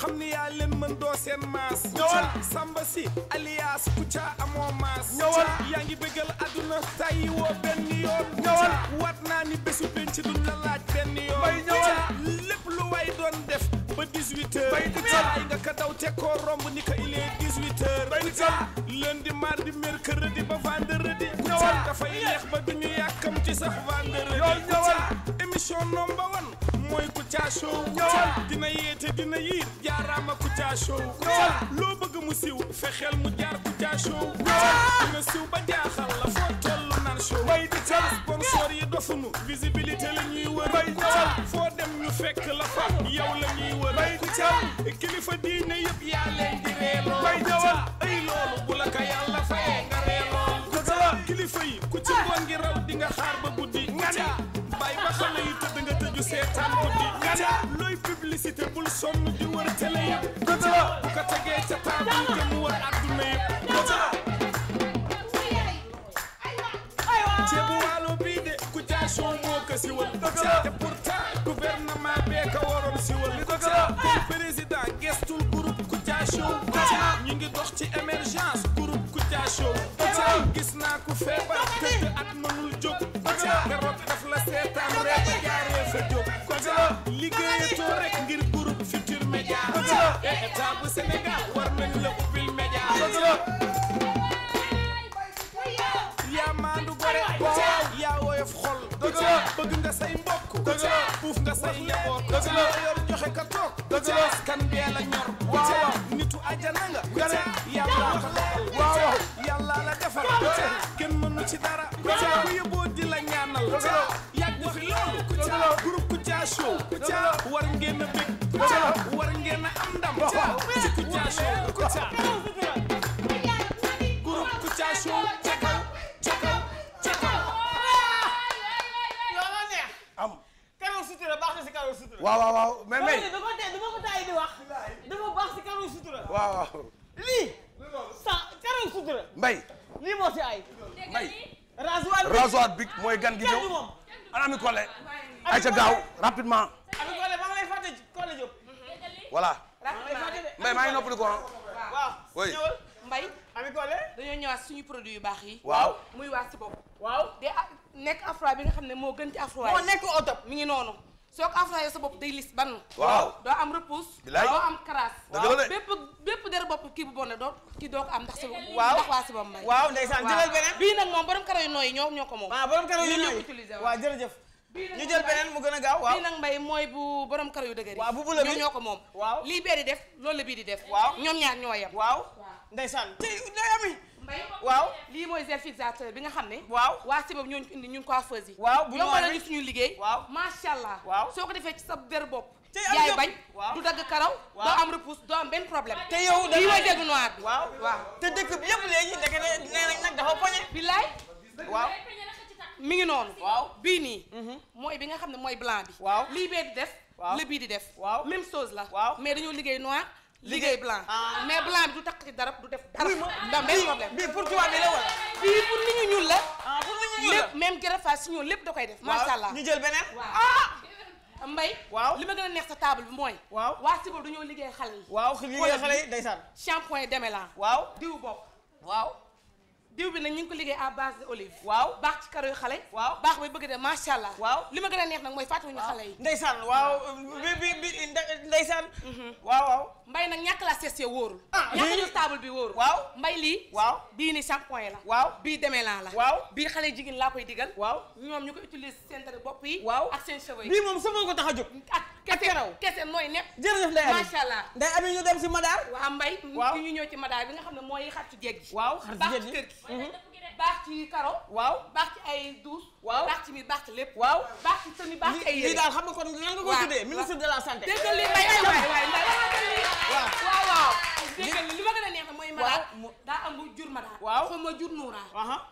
xam ni yaa leen mën doo seen maas. ñëwal samba si alias Kouthia amoo maas. ñëwal yaa ngi bëggal àdduna. tàyyi woo benn yoon. ñëwal waat naa ni bésu penc duñ la laaj benn yoon. lépp lu way doon def. ba 18h bay di ay nga ka daw te romb ni ko il est 18h. bay di lundi mardi mercredi ba vendredi. ñëwal dafay yeex ba duñu yàkkam ci sax vendredi. yoon ñëwal émission number one. mooy Kouthia Show ñëwal dina yeete dina yiit jaaraama Kouthia Show ñëwal loo bëgg mu siw fexeel mu jaar Kouthia Show ñëwal dina siw ba jaaxal la foo tollu naan show bay di cal sponsor yi dofunu visibilité la ñuy bay di foo dem ñu fekk la fa yow la ñuy bay di kilifa diine yëpp yaa leen di reeloo bay ñëwal ay loolu bu la ko seetaan ko di ñaja looy publicité bul sonn di wër télé yëpp dëgg la bu ko tegee ca taabal te mu wër àdduna yëpp dëgg la ceebu waalo bii de ku jaasoo moo ko siwal dëgg la te pourtant gouvernement bee ko waroon siwal dëgg la kon président gestul groupe ku jaasoo ñu ngi dox ci émergence groupe ku jaasoo gis naa ku feebar tëdd ak mënul jóg dëgg la garab daf la seetaan rek liggéeyatoo rek ngir groupe Futurs Médias état bu Sénégal war nañ la ubbil média yaa maandu gore yaa woyof xol bëgg nga say mbokk puuf nga say njaboot yor joxe ka toog askan bi la ñor nitu ajana Kouthia Show Kouthia war ngeen a bég Kouthia war ngeen a am ndam Kouthia ci Kouthia Show Kouthia groupe Kouthia Show ca kaw ca kaw ca kaw yow la neex am Karol Sutura baax na si Karol Sutura waaw waaw waaw mais mais dama ko dama ko taay di wax dafa baax si Karol Sutura waaw waaw lii sa Karol Sutura mbay lii moo si ay mbay rasoir bi rasoir bi mooy gan gi ñëw ana mi collé ayca gaaw rapidement. Ami Kole maa ngi lay fàtte Kole Diop. voilà. Mbaye maa ngi noppali ko ah. waaw ñëwal Mbaye. dañoo ñëwaat suñu produit yu baax yi. waaw muy waa si bopp. waaw de ah, nekk afro bi nga xam ne moo gën ci afro yi. moo ngi noonu. soo ko sa bopp day lis ban. waaw doo am repousse. bilaay doo am crasse. waaw bépp bépp der bopp kii bu bon doo kii doo ko am ndax si. waaw ndax waa si bopp mbay. waaw ndeysaan jëlal beneen. bii nag moom borom karaw nooy ñoo ñoo ko moom. waaw borom karaw jërëjëf ñu jël beneen mu gën a gaaw waaw bii nag mbay mooy bu borom kar yu dëgër ñoom ñoo ko moom waaw lii bee di def loolu la bii di def waaw ñoom ñaar ñoo yem waaw ndeysaan tey day ami waaw lii mooy gel fixateur bi nga xam ne waaw waa si boobu ñooñu indi ñun coiffeuse yi waaw bu yombal nañu suñu liggéey waaw macha allah waaw soo ko defee ci sa der bopp yaay bañ du dagg karaw doo am repousse doo am benn problème te yow lii mooy dégg noir bi waaw te dëkk bi yëpp léegi dëgg ne nee nag dafa poñe mi ngi noonu. waaw bii nii. Mhm. mooy bi nga xam ne mooy blanc bi. waaw lii bee di def. waaw la bii di def. waaw même chose la. waaw mais dañoo liggéey noir. liggéey blanc ah. mais blanc bi du takk ci dara du def dara. ndax benn problème bi la wala. bii pour nit ñu ñuul la. Ah, pour nit ñu ñuul lépp même gërëfaas si ñoom lépp da koy def. macha allah ñu jël beneen. ah mbay. waaw li ma gën a neex sa table bi mooy. waaw waa si boobu dañoo liggéey xale yi. waaw liggéey xale yi ndeysaan. shampoing demelan. waaw diw bopp diw bi nag ñu ko liggéey à base de olive waaw baax ci karo xale waaw baax bay bëgg de macha allah waaw li ma gën a neex nag mooy fàttewuñu xale yi ndeysaan waaw bi bi bi ndeysaan mhm. waaw mbay nag ñàkk la sees wóorul ah, ñàkk ñu table bi wóorul waaw mbay lii waaw bii ni shampoing la waaw bii demee laa la waaw bii xale jigéen laa koy digal waaw ñoom ñu ko utiliser seen dara bopp yi waaw ak seen cheveux yi bii moom sama ko tax a jóg ak kese raw kese mooy nekk. jërëjëf Ndeye Amy macha allah. Ndeye Amy ñu dem si Madaar. waaw mbay waaw ñu ñëw ci Madaar bi nga xam ne mooy xar ci géej waaw xar ci géej gi mhm. waaw baax ci ay douche. waaw baax ci lépp. waaw baax ci sëñ bi ay yére. lii daal xam nga kon lan nga koy tuddee. ministre de la santé. dégg nga lii mbay waay waay waay ma a neex mooy Madaar. daa am jur Madaar. waaw xaw ma jur Noura.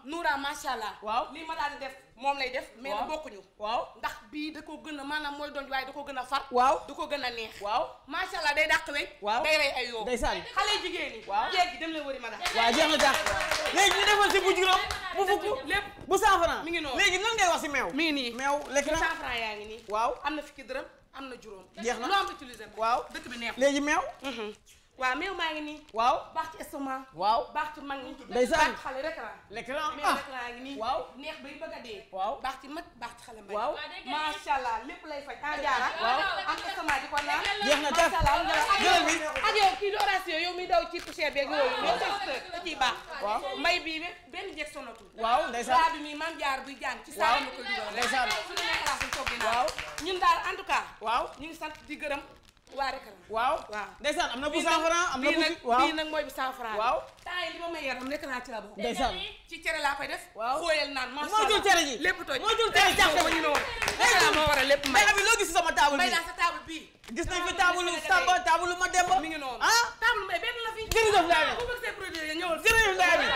Noura macha allah. waaw lii ma di def moom lay def mais na bokkuñu waaw ndax bii da ko gën a man maanaam mooy donj waaye da ko gën a far waaw da ko gën a neex waaw macha allah day dàq weñ waaw day rey ay yoo day sànni xale jigéen ñi waaw jéeg gi dem leen wëri ma dax waaw jeex léegi ñu defal si bu juróom bu fukk lépp bu cent mi ngi noonu léegi nan ngay wax si meew mi nii meew lekk na cent yaa ngi nii waaw am na fukki dërëm am na juróom jeex na loo am utiliser waaw dëkk bi neex léegi meew mm-hmm. waaw meew maa ngi nii. waaw baax ci estomac. waaw baax ci mag ñi. ndeysaan baax ci xale l'écran. l'écran ah l'écran ngi nii. waaw neex bay bëgg a dee. waaw baax ci mag baax ci xale mbay. waaw macha allah lépp lay faj. ah jaara waaw am estomac di ko naan. jeex na tas jërëjëf bi ak yow kii d'oration yow mi daw ci poussière beeg yooyu. waaw da ciy baax. waaw mbay bii benn jeeg sonatu. waaw ndeysaan saa bi mii maam jaar buy jàng ci saa la ñu koy dugal. ndeysaan suñu nekk laa suñu toog di naan. waaw ñun daal en tout cas. waaw ñu ngi sant di gërëm waa rek la waaw waaw ndeysaan am na bu cent franc am na bu waaw bii nag mooy bu cent franc waaw temps li ma may yaram nekk naa ci la bokk ci cere laa koy def waaw naan moo jur cere ji lépp toj moo jur cere jàpp ma ñu ne woon moo war a lépp may abi loo gis sama table bi may naa sa table bii gis nañ fi table Samba table ma demba mi ngi noonu ah table may benn la fi jërëjëf laa bi bu bëgg seen produit ya ñëwal jërëjëf laa bi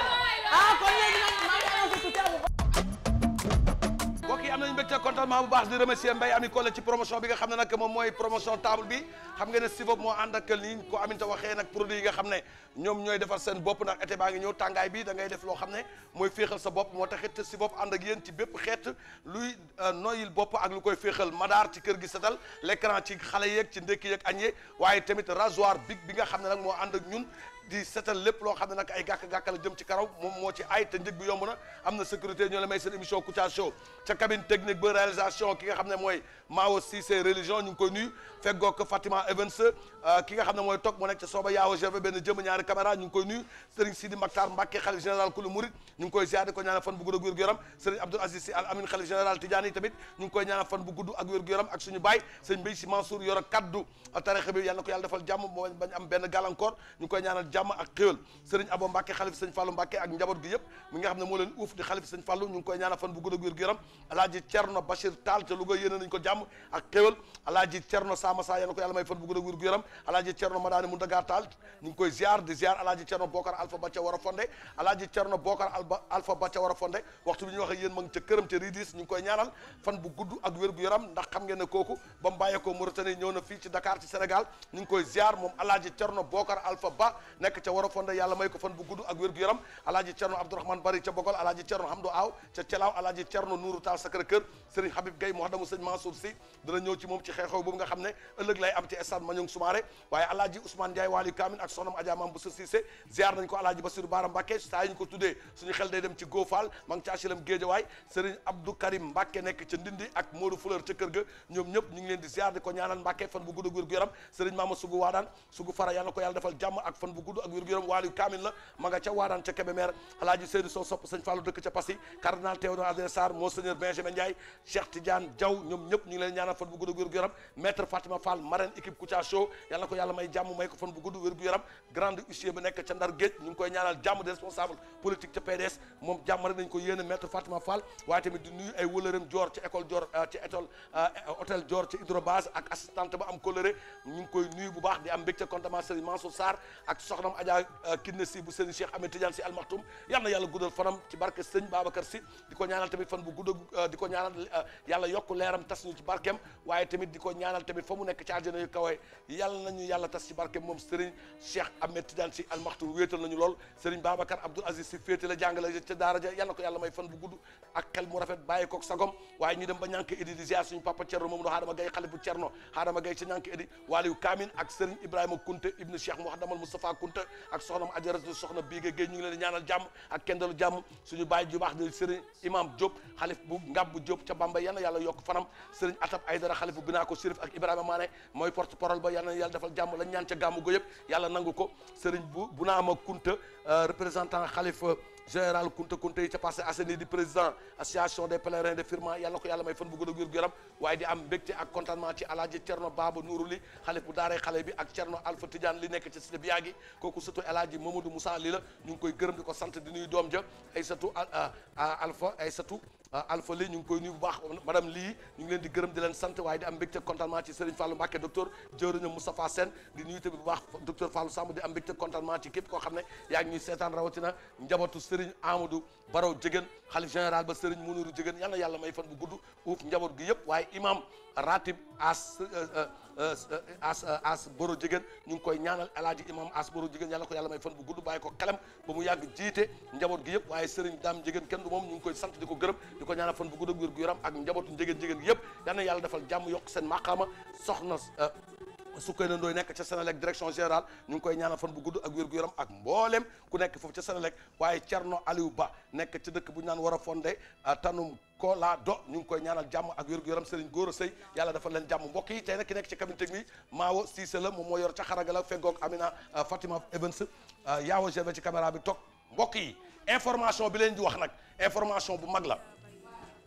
ah kon léegi nag maa ngi am sa table ca contentement bu baax di remercier Mbaye Ami Collé ci promotion bi nga xam ne nag moom mooy promotion table bi xam nga ne Sivop moo ànd ak li ko Aminta waxee nag produit yi nga xam ne ñoom ñooy defar seen bopp ndax été baa ngi ñëw tàngaay bi dangay ngay def loo xam ne mooy féexal sa bopp moo taxit Sivop ànd ak yéen ci bépp xeet luy euh, noyyil bopp ak lu koy féexal madaar ci kër gi sa setal l'écran ci xale yeeg ci ndékki yeeg añ yeeg waaye tamit rasoir big bi nga xam ne nag moo ànd ak ñun di setal lépp loo xam ne nag ay gàkk-gàkk jëm ci karaw moom moo ci ay te njëg bi yomb na am na sécurité ñoo la may seen émission Kouthia Show ca cabine technique ba réalisation ki nga xam ne mooy Mao Cissé religion ñu ngi koy nuyu Fatima Evans euh, ki nga xam ne mooy toog mu nekk ca sooba yaaw gv benn jëm ñaari caméra ñu ngi koy nuyu Serigne Sidi Maktar Mbacké xalif général kulu murid ñu ngi koy ziar ko ñaanal fan bu gudd ak wér a kaddu tarixa bi yàlla na ko yàlla defal jàmm moo bañ jàmm ak xéwal sëriñ Abo Mbacke xalif sëñ Fallou Mbacke ak njaboot gi yëpp mi nga xam ne moo leen uuf di xalif sëñ Fallou ñu ngi koy ñaanal fan bu gudd ak wér gu yaram alaaji Cerno Bachir Tall ca Louga yéene nañ ko jàmm ak xéwal alaaji Cerno Samassa yéen ko yàlla may fan bu gudd ak wér gu yaram alaaji Cerno Madani Muntaga Tall ñu ngi koy ziar di ziar alaaji Cerno Bokar Alpha Ba ca war a fondé alaaji Cerno Bokar Alpha Ba ca war a fondé waxtu bi ñu wax ak yéen ma ngi ca këram ca Ridis ñu ngi koy ñaanal fan bu gudd ak wér gu yaram ndax xam ngeen ne kooku ba mu bàyyeekoo Mauritanie ñëw na fii ci Dakar ci Sénégal ñu ngi koy ziar moom alaaji Cerno Bokar Alpha Ba nekk ca war a fonde yàlla may ko fan bu gudd ak wér-gu-yaram alaaji cerno abdourahmane bari ca bogol alaaji cerno hamdo aaw ca celaaw alaaji cerno nuuru taal sacré cœur habib gay muhadamu sëñ ñëpp ñu ngi leen di ziar di ko ñaanal maama sugu waadaan sugu fara yàlla ko yàlla defal jàmm ak fan bu gudd gudd kaamil la ma ca waaraan ca Kébémer alaaji Seydou Sow sopp sëñ Fallou dëkk ca Passy cardinal Théodore Adrien Sarr monseigneur Benjamin Ndiaye Cheikh Tidiane Diaw ñoom ñëpp ñu leen ñaanal fan bu gudd ak wér Fatima Fall marraine équipe Kouthia Show yal ko yàlla may jàmm may ko fan bu gudd wér grande huissier ba nekk ca Ndar Géej ñu koy ñaanal jàmm de responsable politique ca PDS moom jàmm rek nañ ko euh, euh, koy nuyu bu soxnam Adja euh, Kiné Sy bu sëriñ Cheikh Ahmed Tidiane Sy Al Maktoum yal na yàlla guddal fanam ci barke sëñ Babacar Sy di ko ñaanal tamit fan bu gudd euh, di ko ñaanal euh, yàlla yokku leeram tas ñu ci barkeem waaye tamit di ko ñaanal tamit fa mu nekk ci àjjana yu kawe yàlla nañu yàlla tas ci barkeem moom sëriñ Cheikh Ahmed Tidiane Sy Al Maktoum wéetal nañu lool sëriñ Babacar Abdoul Aziz Sy féete la jàngale ca yal na ko yàlla may fan bu gudd ak xel mu rafet bàyyi koog sagom waaye ba ñànk idi di ziar suñu papa te ak soxna soxnam ajaratu soxna Biége Guèye ñu ngi leen di ñaanal jàmm ak kendalu jàmm suñu bàyyi ju baax di sëriñ imam Diop xalif bu Ngabbu Diop ca Bamba yal yàlla yokk fanam sëriñ Atab dara xalif bu binaa ko sérif ak Ibrahima Mané mooy porte ba yal yàlla defal jàmm lañ ñaan ca gàmmu go yëpp yàlla nangu ko sëriñ bu bu naama Kunta euh, représentant xalif général Kunta Kunta yi ca Parcelles Assainies di président association des pèlerins de Firma yàlla ko yàlla may fan bu gën a wér gu yaram waaye di am mbégte ak contentement ci alaaji Cerno Baaba Nuuru li xalif bu daaree xale bi ak Cerno Alpha Tidiane li nekk ci cité bi yaagi kooku sëtu alaaji Mamadou Moussa la ñu ngi koy gërëm di ko sant di nuyu doom ja ay sëtu euh, Alpha ay satu Euh, Alpha Ly ñu koy nuyu bu baax madame Ly ñu ngi leen di gërëm di leen sant waaye di am mbégte contentement ci Serigne Fallou Mbacké docteur jëwriñu Moustapha Sène di nuyu tamit bu baax docteur Fallou Samb am mbégte contentement ci képp koo xam ne yaa ngi seetaan rawatina njabootu Serigne Amadou baraw jegéen xalif général ba sëriñ muniru jegéen yal na yàlla may fan bu gudd uuf njaboot gi yëpp waaye imam ratib as euh, euh, euh, as as boro jegéen ñu ngi koy ñaanal alaaji imam as boro jegéen yàlla ko yàlla may fan bu gudd bàyyi ko xelam ba mu yàgg jiite njaboot gi yëpp waaye sëriñ daam jegéen kenn du moom ñu ngi koy sant di ko gërëm di ko ñaanal fan bu gudd ak wér gu yaram ak njabootu jegéen jegéen gi yëpp yal defal jàmm yokk seen maqaama soxna Soukeyna Ndoye nekk ca Senelec direction générale ñu ngi koy ñaanal fan bu gudd ak wér gu yaram ak mboolem ku nekk foofu ca Senelec waaye Thierno Aliou Ba nekk ca dëkk bu ñu naan war a fondé euh, tanum ko laa do ñu ngi koy ñaanal jàmm ak wér gu yaram Serigne Gora Seye yàlla dafa leen jàmm mbokk yi tey nag ki nekk ci cabine technique Maawo Cissé la moom moo yor ca xaraga la feggoog Amina euh, Fatima Evans euh, yaawo gervé ci caméra bi toog mbokk yi information bi leen di wax nag information bu mag la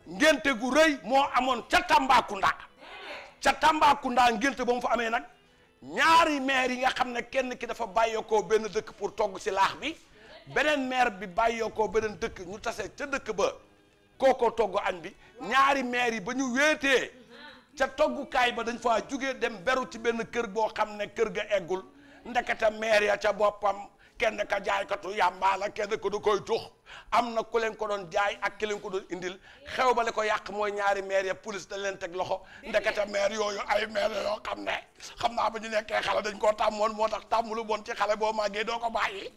ngénte gu moo amoon ca Tambacounda ca Tambacounda ngénte ba mu fa amee nag ñaari meer yi nga xam ne kenn ki dafa bàyyeekoo benn dëkk pour togg ci laax bi beneen maire bi bàyyeekoo beneen dëkk ñu tase ca dëkk ba koo kookoo togg añ bi ñaari meer yi ba ñu wéetee ca toggukaay ba dañ faa jóge dem beru ci benn kër boo xam ne kër ga eggul ndekete meer ya ca boppam kenn ka jaaykatu yàmbaa la kenn ko du koy tux am na ku leen ko doon jaay ak ki ko doon indil xew ba la ko yàq mooy ñaari meer ya police dañ leen teg loxo ndekete maire yooyu ay maire yoo xam ne xam naa ba ñu nekkee xale dañ koo tàmmoon moo tax tàmmulu bon ci xale boo màggee doo ko bàyyi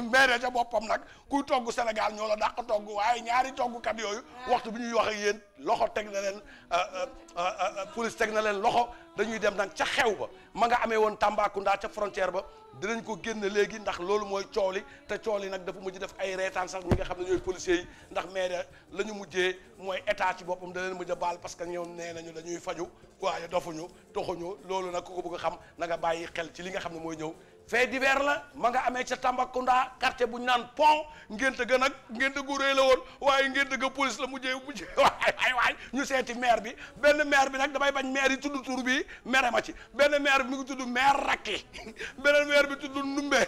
maire ca boppam nag kuy togg Sénégal ñoo la dàq togg waaye ñaari toggkat yooyu ah. waxtu bi ñuy wax ak yéen loxo teg na leen euh, euh, euh, police teg na leen loxo dañuy dem nag ca xew ba ma nga amee woon Tambacounda ca frontière ba dinañ ko génn léegi ndax loolu mooy coow li te coow li nag dafa mujj def ay reetaan ñi nga xam ne ñooy policiers yi ndax maire la ñu mujjee mooy état ci boppam da leen mujj a baal parce que ñoom nee nañu dañuy faju waaye dofuñu toxuñu loolu nag ku ko bëgg xam na bàyyi xel ci li nga xam ne mooy ñëw fait divers la ma nga amee ca Tambacounda quartier bu ñu naan pont ngénte gën nag ngénte gu rëy la woon waaye ngénte ga police la mujjee mujjee waay waay waay ñu seeti maire bi benn maire bi nag damay bañ maire yi tudd tur bi mere ma ci benn maire bi mu ngi tudd maire Racky beneen maire bi tudd Ndumbe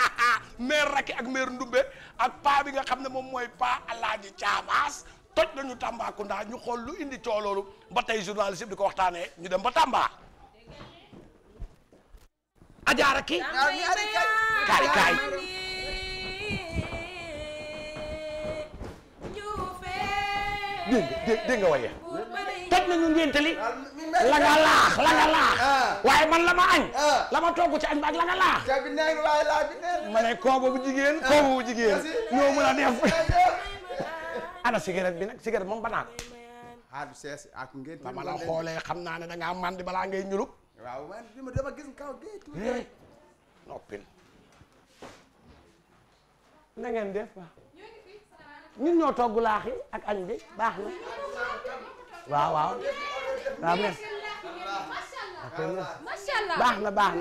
maire Racky ak maire Ndumbe ak paa bi nga xam ne moom mooy paa Alaaji Caabaas toj nañu Tambacounda ñu xool lu indi coow loolu ba tey journaliste bi ko waxtaanee ñu dem ba Tamba. ajaara ki kaay kaay dégg nga dégg nga waaye toj nañu ngénte li la nga ah. waaye man la ma añ ah. la ma ci añ ba ak la nga laax ma ne bu jigéen kooba bu jigéen ñoo mën a def ana cigarette bi nag cigarette moom ba naa ko la xoolee xam naa ne da ngaa mandi balaa ngay ñuluk waaw man ma dama gis kaw eh, na ngeen def waaw ñun ñoo togg laax yi ak añ bi baax na waaw baax na baax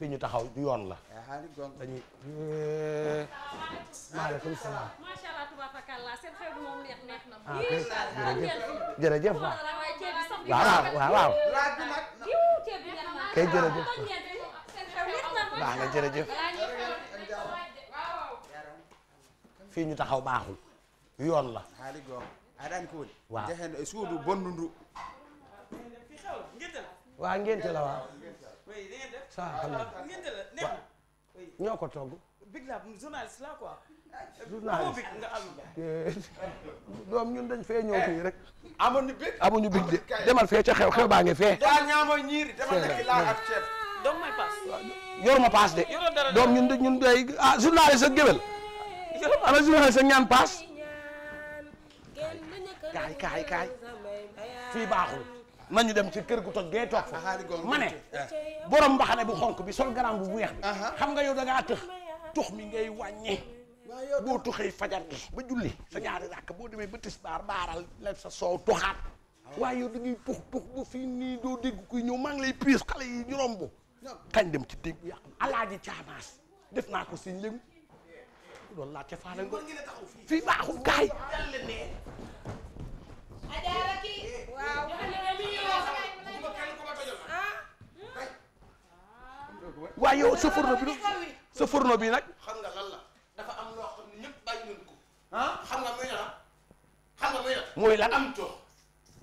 na ñu taxaw yoon la ah, ah, dañuy eh, maaleykum salaam macha waaw waaw waaw. kay jërëjëf. baax na jërëjëf. fii ñu taxaw baaxul. yoon la. waaw. waa ngénte la waaw. saa xam togg. journaliste doom ñun dañ fee ñëw fii rek. Eh, amuñu bit amuñu bit de demal fee ca xew xew baa ngi fee. daal ñaama ñiir demal nekk yor ma paas de. doom ñun dañ ñun day ah journaliste ak géwél. ana journaliste sa ñaan paas. kaay kaay kaay fii baaxul. nañu dem ci kër gu toj gee toog fa. ma ne eh. borom mbaxane bu xonk bi sol garam bu weex bi. xam nga yow da ngaa tëx mi ngay wàññi. boo tuxee fajar ba julli sa ñaari ràkk boo demee ba tisbaar baaral la sa soow tuxaat waaye yow da ngay tux tux bu fii nii doo dégg kuy ñëw maa lay piis xale yi ñu romb kañ dem ci dégg bu yàq alaaji caanaas def naa ko siñ léegi loolu laa ca faale nga fii baaxul waaye yow sa forno bi sa forno bi nag xam nga lan dafa am loo xam ne ñëpp bàyyi nañ ko. ah xam nga muy lan xam nga am jox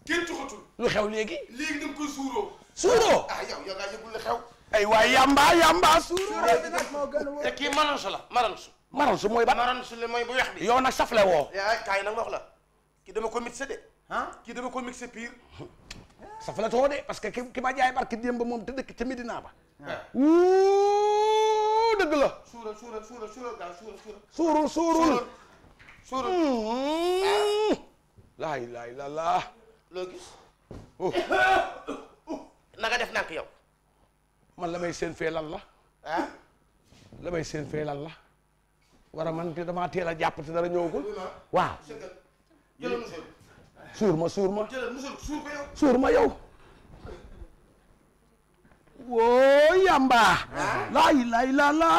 kenn joxatul. lu xew léegi. léegi da nga koy suuroo. suuroo ah yow yow ngaa yëgul lu xew. a wóor. te la maransu. maransu mooy ba maransu la mooy bu weex bi. yow safle woo. yaa dama ko mixé de. ah kii dama ko mixé pire. safle too de parce que ki ma jaay barki démb moom te dëkk ca Medina ba. Ah. waaw lu dëgg la. suural suural suural suural gaaw suural suural. suurul suurul. suurul suurul. Mm-hmm. laa ilaaha illallaah. loo gis. Oh. na def nànk yow. man la may seen fee lan la. may seen fee lan la. man te damaa teel a jàpp te dara ñëwagul. waaw. suur ma suur ma. suur ma yow. woo yamba laa ilaaha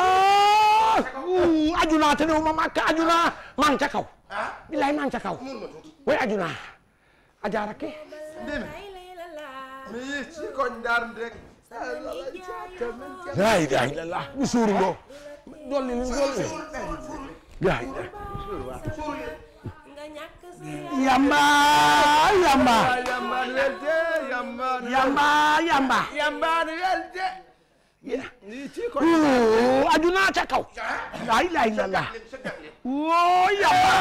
te néew ma màkk aju naa maa ngi ca kaw bilaay maa ngi ca kaw way aju naa ajaara ke mi ci koñ suuru ndoo yamba yamba yamba yamba aju naa ca kaw ay lay la la woo yamba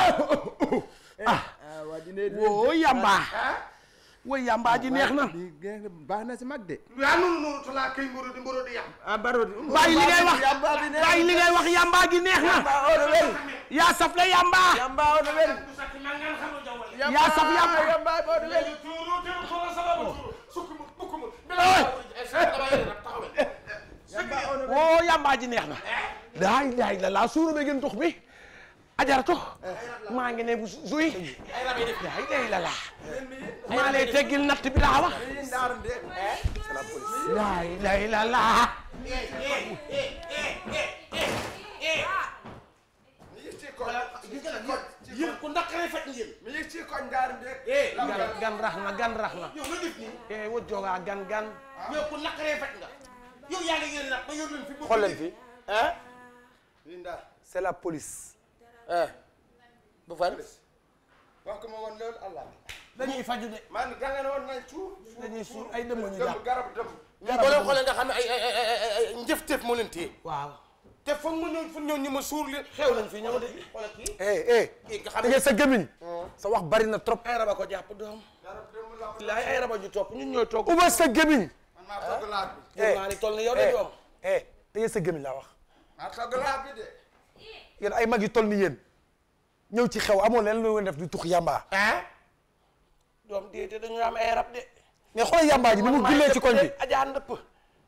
eh, ah. ah, woo yamba ah. way yamba ji neex na baax na si mag de waa noonu noonu tolaa kay mboro di mboro di yàmb ah, baro bàyyi li ngay wax bàyyi li ngay wax yamba ji neex na oh, yaa saf la yamba yamba odo oh, wel yaa saf yamba yamba odo wel oo yamba ji neex na daay eh? daay la laa suura be gën bi ajaratu eh. maa ngi maa lay teggil natt bi laa wax. laa ilaaha illallaah. yéen ku naqaree faj ngeen. mi ngi ci koñ gaar ndéeg. gan gan rax na gan rax na. yow nga def nii. wut jogaa gan gan. yow ku naqaree faj nga. yow yaa ngi yéen nag ba yor leen fi. xool leen fi ah. Linda c'est la police. ah. bu far. wax ko ma woon loolu Allah. dañuy faju de. man gàllankoor woon nañ suur. dañuy suur ay dëmm ñu jàpp garab dëmm. garab boo leen xoolee nga xam ne te foog mu ñëw ñu ma suur li xew lañ fi ñëw de. xoolal kii eh, eh. sa gémmiñ. Hmm. sa wax bari na trop. ay raba ko jàpp doom. laay ay raba ju topp ñun ñooy toog. oubien sa gémmiñ. man maa togg laaj bi. eh, eh sa gémmiñ laa wax. maa togg ay mag yu toll ni yéen ñëw ci xew amoon leen lu ngeen def du tux yamba. doom déedéet dañu am ay rab de. mais xoolal yàmbaa ji ni mu gullee ci koñ bi ajaa ndëpp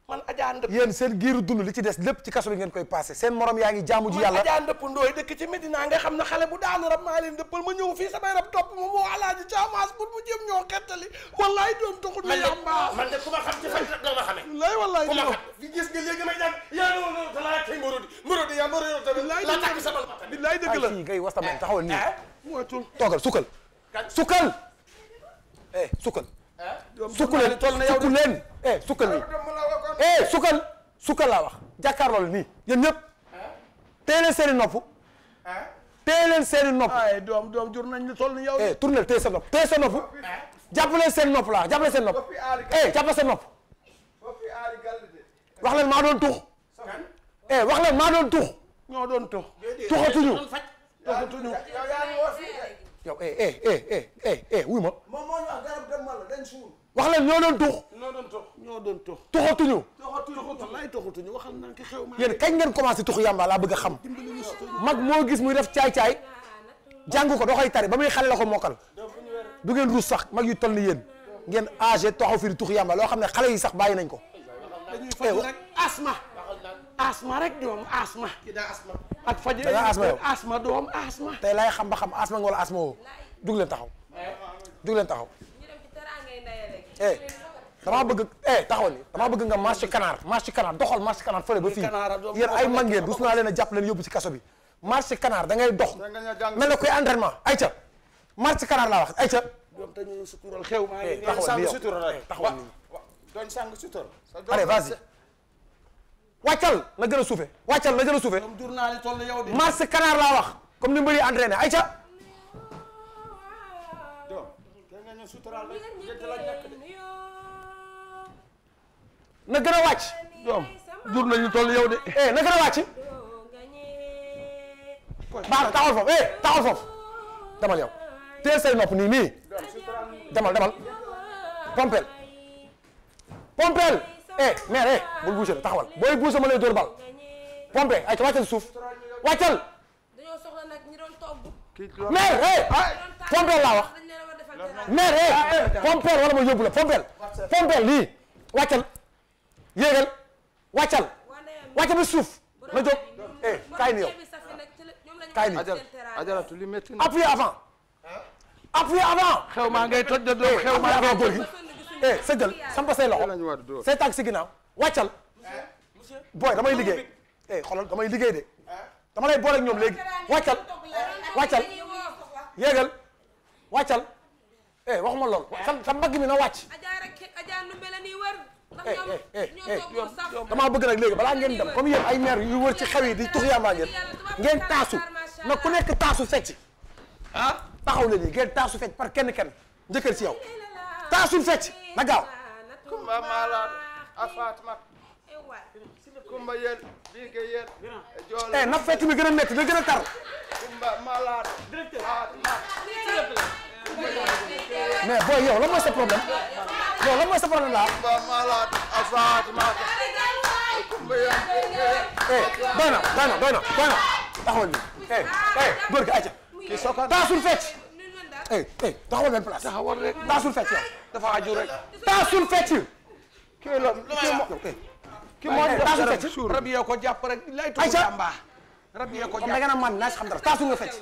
man ajaa ndëpp yéen seen giiru dund li ci des lépp ci kaso bi ngeen koy passé seen morom yaa ngi jaamu ji yàlla man ajaa ndëpp ndooy dëkk ci Medina nga xam ne xale bu daanu rab maa leen dëppal ma ñëw fii samay rab topp ma moo alaaji caamaas pour mu jëm ñoo xettali wallaay doom taxul ñu yàmbaa man de ku ma xam ci faj rek la ma xamee wallaay wallaay ku ma xam ta laa tey mborodi mborodi yaa mborodi Eh, sukkal. Eh? sukkal sukku leen sukkal nii eh, ah, sukkal sukkal laa wax jàkkaarloo nii yéen ñëpp téye leen seeni nopp téye leen seeni nopp ay doom doom jur nañ toll ni yow tournel téye sa nopp téye sa nopp jàpp leen seen nopp laa jàpp leen seen nopp eh jàpp seen nopp wax leen maa doon tux eh wax leen maa doon tux ñoo doon tux yow eh, eh, eh, ma. moo ñu wax wax leen ñoo doon tux. ñoo ñoo doon tux. tuxatuñu. tuxatuñu wallaay tuxatuñu waxal naa ki xew ma. yéen kañ ngeen commencé tux yàmba laa bëgg a xam. mag moo gis muy def caay-caay. jàng ko doo koy tari ba muy xale la ko mokkal. du ngeen ruus sax mag yu toll ni yéen. ngeen âgé taxaw fi di yàmba loo xam ne xale yi sax bàyyi nañ ko. dañuy asma rek doom asma. kii daa asma. ak faj asma doom asma. tey laay xam ba xam asma nga wala asma woo. dug leen taxaw. dug leen taxaw. eh damaa bëgg eh taxaw ni damaa bëgg nga marche ci kanaar marche ci kanaar doxal marche ci kanaar fële ba fii yéen ay mag ngeen dus leen a jàpp leen yóbbu ci kaso bi marche ci kanaar da dox mel na koy entraînement ayca marche ci kanaar laa wax ayca doom te ñu sutural xew maa ngi eh, nii sàng nii wàccal na gën a suufe wàccal na gën a suufe mars kanaar laa wax comme ni mbëri entraîné ay ca na gën a wàcc doom jur nañu toll yow eh, gën a wàcc baax na taxawal foofu eh taxawal foofu demal yow teel say nopp nii nii pompel pompel eh mère eh bul bougé la taxawal booy bougé ma lay dóor bal pompe ay ca wàccal suuf wàccal. dañoo soxla nag ñi doon togg. mère eh ah, pompeel laa wax. mère eh, ah, eh, eh pompeel wala ma yóbbu la pompeel. pompeel lii wàccal yéegal wàccal wàccal bi suuf na jóg eh kaay ni yow kaay ni ajaratu li métti na appuyez avant appuyez avant xew maa ngay toj de eh, xew maa ngay toj eh sëggal sampa say loxo say tànk si ginnaaw wàccal booy damay eh? liggéey eh xoolal damay liggéey de eh? dama lay booleeg ñoom léegi wàccal wàccal yéegal wàccal eh waxuma lool sa sa mbagg mi na wàcc eh, damaa bëgg nag léegi balaa ngeen dem comme yéen ay maire yu wër ci xew yi di tux yàmbaa ngeen ngeen taasu na ku nekk taasu fecc ah taxaw leen yi ngeen taasu fecc par kenn kenn njëkkal si yow taasul fecc na gaaw kumba maalaat a Fatma kumba yel biige yel joole eh, na fecc mi gën a métti da gën a tar kumba maalaat directeur Fatma mais booy yow lan mooy sa problème yow lan mooy sa problème la kumba maalaat a Fatma kumba yel eh, doy na doy na doy na doy na taxawal bi eh eh góor gi acca taasul fecc eh eh taxawal benn place taxawal rek taasul fecc yow dafa aju rek. taasul fecc. kii la kii moo kii moo taasul fecc. rab yee ko jàpp rek lay tudd jàmba. rab yee ko jàpp da nga naan man naa xam dara taasul nga fecc.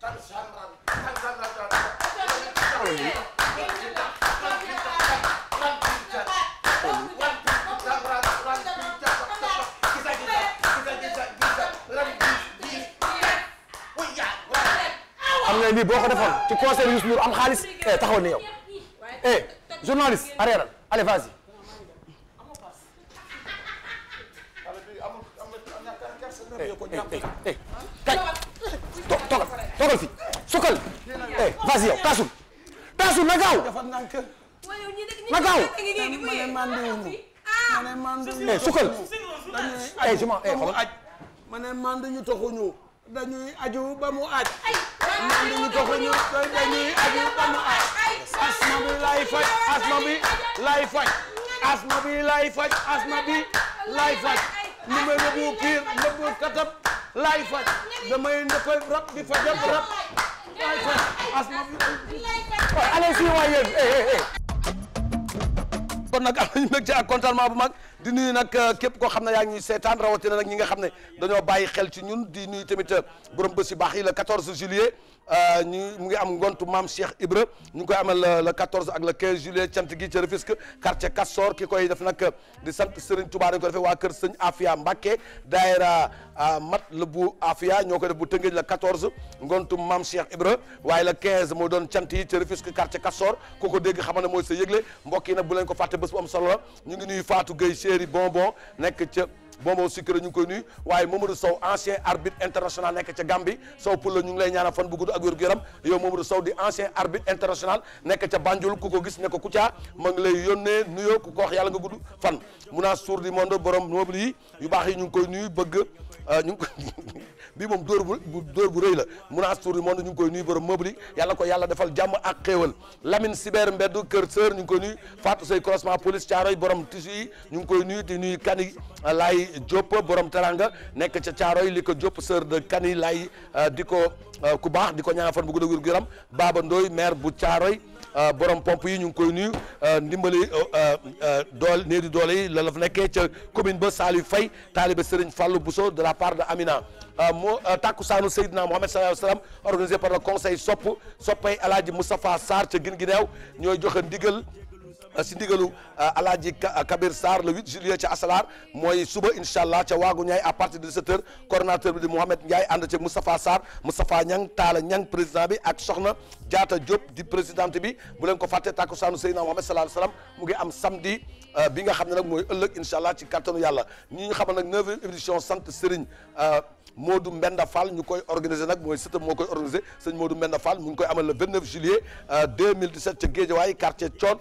xam nga ni boo ko defoon ci concert Youssou Ndour am xaalis eh, taxaw na yow. eh journaliste arrière allez vas-y. kay eh, eh, eh. toogal toogal fii sukkal eh vas-y yow taasul taasul na gaaw na gaaw eh sukkal eh je m'en eh xoolal ma ne dañuy aju ba mu aaj man dañu dañuy aju ba mu aaj asma bi lay faj asma bi lay faj asma bi lay faj asma bi lay faj ni may nëbbu piir nëbbu katab lay faj damay nëppal rab di fajal rab lay faj asma bi allez si waay yéen eh, eh, eh. kon nag am nañu mbég ci ak contentement bu mag di nuyu nag euh, képp koo xam ne yaa ngi seetaan rawatina nag ñi nga xam ne dañoo bàyyi xel ci ñun di nuyu tamit euh, borom bés yu baax yi le 14 juillet Euh, ñu mu ngi am ngontu maam Cheikh Ibra ñu ngi koy amal euh, le 14 ak le 15 juillet cant gi ca Rufisque quartier Kassor ki koy def nag di sant Serigne Touba dañu ko defee waa kër Sëñ Afia Mbacké daayira euh, mat la bu Afia ñoo koy def bu Tëngéej le 14 ngontu maam waaye le 15 moo doon cant yi ca Rufisque quartier Kassor ku ko dégg xam ne mooy sa yëgle mbokk bu leen ko fàtte bés bu am solo la ñu ngi nuyu Fatou Gueye chéri bonbon nekk ca Momo Sucré ñu ngi koy nuyu waaye Mamadou Sow ancien arbitre international nekk ca Gambie Sow pour la ñu ngi lay ñaanal fan bu gudd ak wér-gu-yaram yow Mamadou Sow di ancien arbitre international nekk ca Banjul ku ko gis ne ko Kouthia ma ngi lay yónnee nuyoo ku ko wax yàlla nga gudd fan mun naa suur di monde borom mobile yi yu baax yi ñu ngi koy nuyu bëgg euh, ñu ngi bii moom dóor bu dóor bu rëy la Mounass Tour du monde ñu ngi koy nuyu borom meuble ko yàlla defal jàmm ak xéewal Lamine Sibèr Mbedd Kër Sër ñu ngi koy nuyu Fatou Sey croisement police Thiaroy borom tissu yi ñu ngi koy nuyu di nuy Kani euh, Laay Diop borom teranga nekk ca Thiaroy li ko Diop sœur de Kani Laay euh, di ko Euh, ku baax di ko ñaanal fan bu gudd wér gu yaram maire bu Thiaroy euh, borom pompe yi ñu ngi koy nuyu euh, ndimbali dool néew di doole yi la la fa nekkee ca commune ba Saliou Faye taaliba Serigne Fallou Bousso de la part de Amina moo saanu Seydina Mohamed sallallahu alayhi wa sallam organisé par le conseil sopp soppay El Hadj Moustapha Sarr ca gin gineew ñooy joxe ndigal Euh, si ndigalu euh, alaaji euh, Kabir Sarr le 8 juillet ca Asalaar mooy suba incha allah ca waagu ñaay à partir de 17h bi di Mohamed Ndiaye ànd ceeg Moustapha Sarr Moustapha Niang Talla Niang président bi ak Soxna Diatta Diop di présidente bi bu leen ko fàtte takkusaanu Seydina Mohamed sallallahu alayhi wasallam mu ngi am samedi bi nga xam ne nag mooy ëllëg incha allah ci kattanu yàlla ñi ñu xamal nag 9e édition sant Serigne. Modou Mbenda Fall ñu koy organise nag mooy sëtam moo koy organisé sëñ Modou mu ngi koy amal le 29 juillet 2017 ca Guédiawaye quartier Thion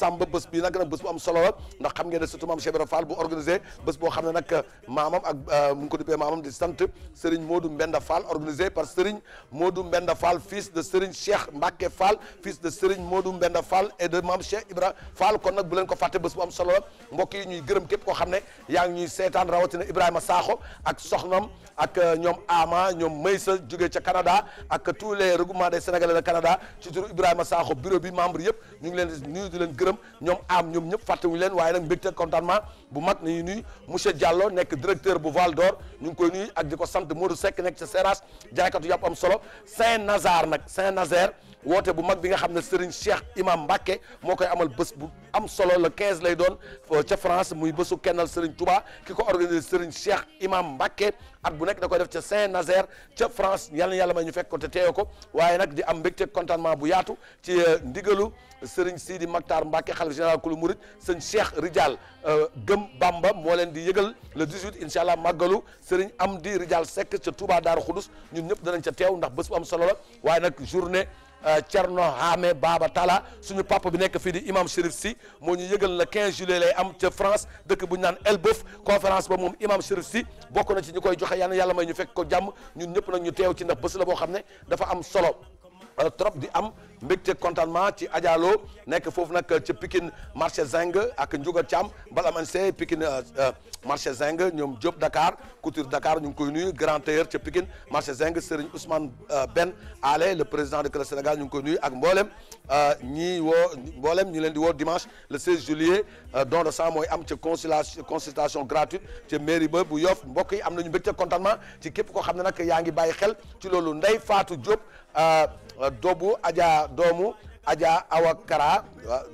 Samba bés bi nag nag bés bu am solo la ndax xam ngeen ne surtout maam Cheikh Ibra Fall bu organisé bés boo xam ne nag euh, maamam ak euh, mu ngi ko duppee maamam di sant Serigne Modou Mbenda Fall organisé par Serigne Modou Mbenda Fall fils de Serigne Cheikh Mbacke Fall fils de Serigne Modou Mbenda Fall et de maam Cheikh Ibra Fall kon nag bu leen ko fàtte bés bu am solo la mbokk yi ñuy gërëm képp koo xam ne yaa ngi ñuy seetaan rawatina Ibrahima saako ak soxnam ak euh, ñoom Ama ñoom Maysa jógee ca Canada ak tous les regroupements des Sénégalais de Canada ci turu Ibrahima Sakho bureau bi membre yëpp ñu ngi leen nuyu leen gërëm jëkkëram ñoom am ñoom ñëpp fàttewuñu leen waaye nag mbégte contentement bu mag nañu nuy monsieur Diallo nekk directeur bu Val door ñu ngi koy nuy ak di ko sant Modou Seck nekk ca Seras jaaykatu yàpp am solo Saint-Nazaire nag Saint-Nazaire woote bu mag bi nga xam ne Serigne Cheikh Imam mbake moo koy amal bés bu am solo la quinze lay doon euh, ca France muy bésu kennal seriñ Touba ki ko organisé Serigne Cheikh Imam mbake at bu nekk da koy def ca Saint-Nazaire ca France yal na yàlla may ñu fekk ko te teewe ko waaye nag di am mbégte contentement bu yaatu ci euh, ndigalu euh, Serigne Sidi Maktar Mbacke xalif général kulu Mouride sëñ Cheikh Rijal euh, gëm Bamba moo leen di yëgal le 18 incha allah màggalu Serigne Amdi Rijal Seck ca Touba daar Xudus ñun ñëpp danañ ca teew ndax bés bu am solo la waaye nag journée. Euh, Thierno Hamé Baba Talla suñu papa bi nekk fii di imam Chérif Sy moo ñu yëgal la 15 juillet lay am ca France dëkk bu ñu naan Elbeuf conférence ba moom imam Chérif Sy bokk na ci ñu koy joxe yàlla yàlla may ñu fekk ko jàmm ñun ñëpp nag ñu teew ci ndax bés la boo xam ne dafa am solo trop di am mbégte contentement ci Adialo nekk foofu nag ca Pikine marché Zing ak Ndiouga Thiam bala man see Pikine euh, euh, marché Zing ñoom Diop dakaar couture Dakar ñu ngi koy nuyu grand tailleur ca Pikine marché Zing Serigne Ousmane euh, Ben Ale le président de CREC Sénégal ñu ngi koy nuyu ak mboolem ñii woo mboolem ñu leen di woo dimanche le 16 juillet don de mooy am ca consultation consultation gratuite ca mairie ba bu Yoff mbokk yi am nañu mbégte contentement ci képp koo xam ne nag yaa ngi bàyyi xel ci loolu Ndeye Fatou Diop. Euh, euh, doobu Adja doomu Adja Awa Kara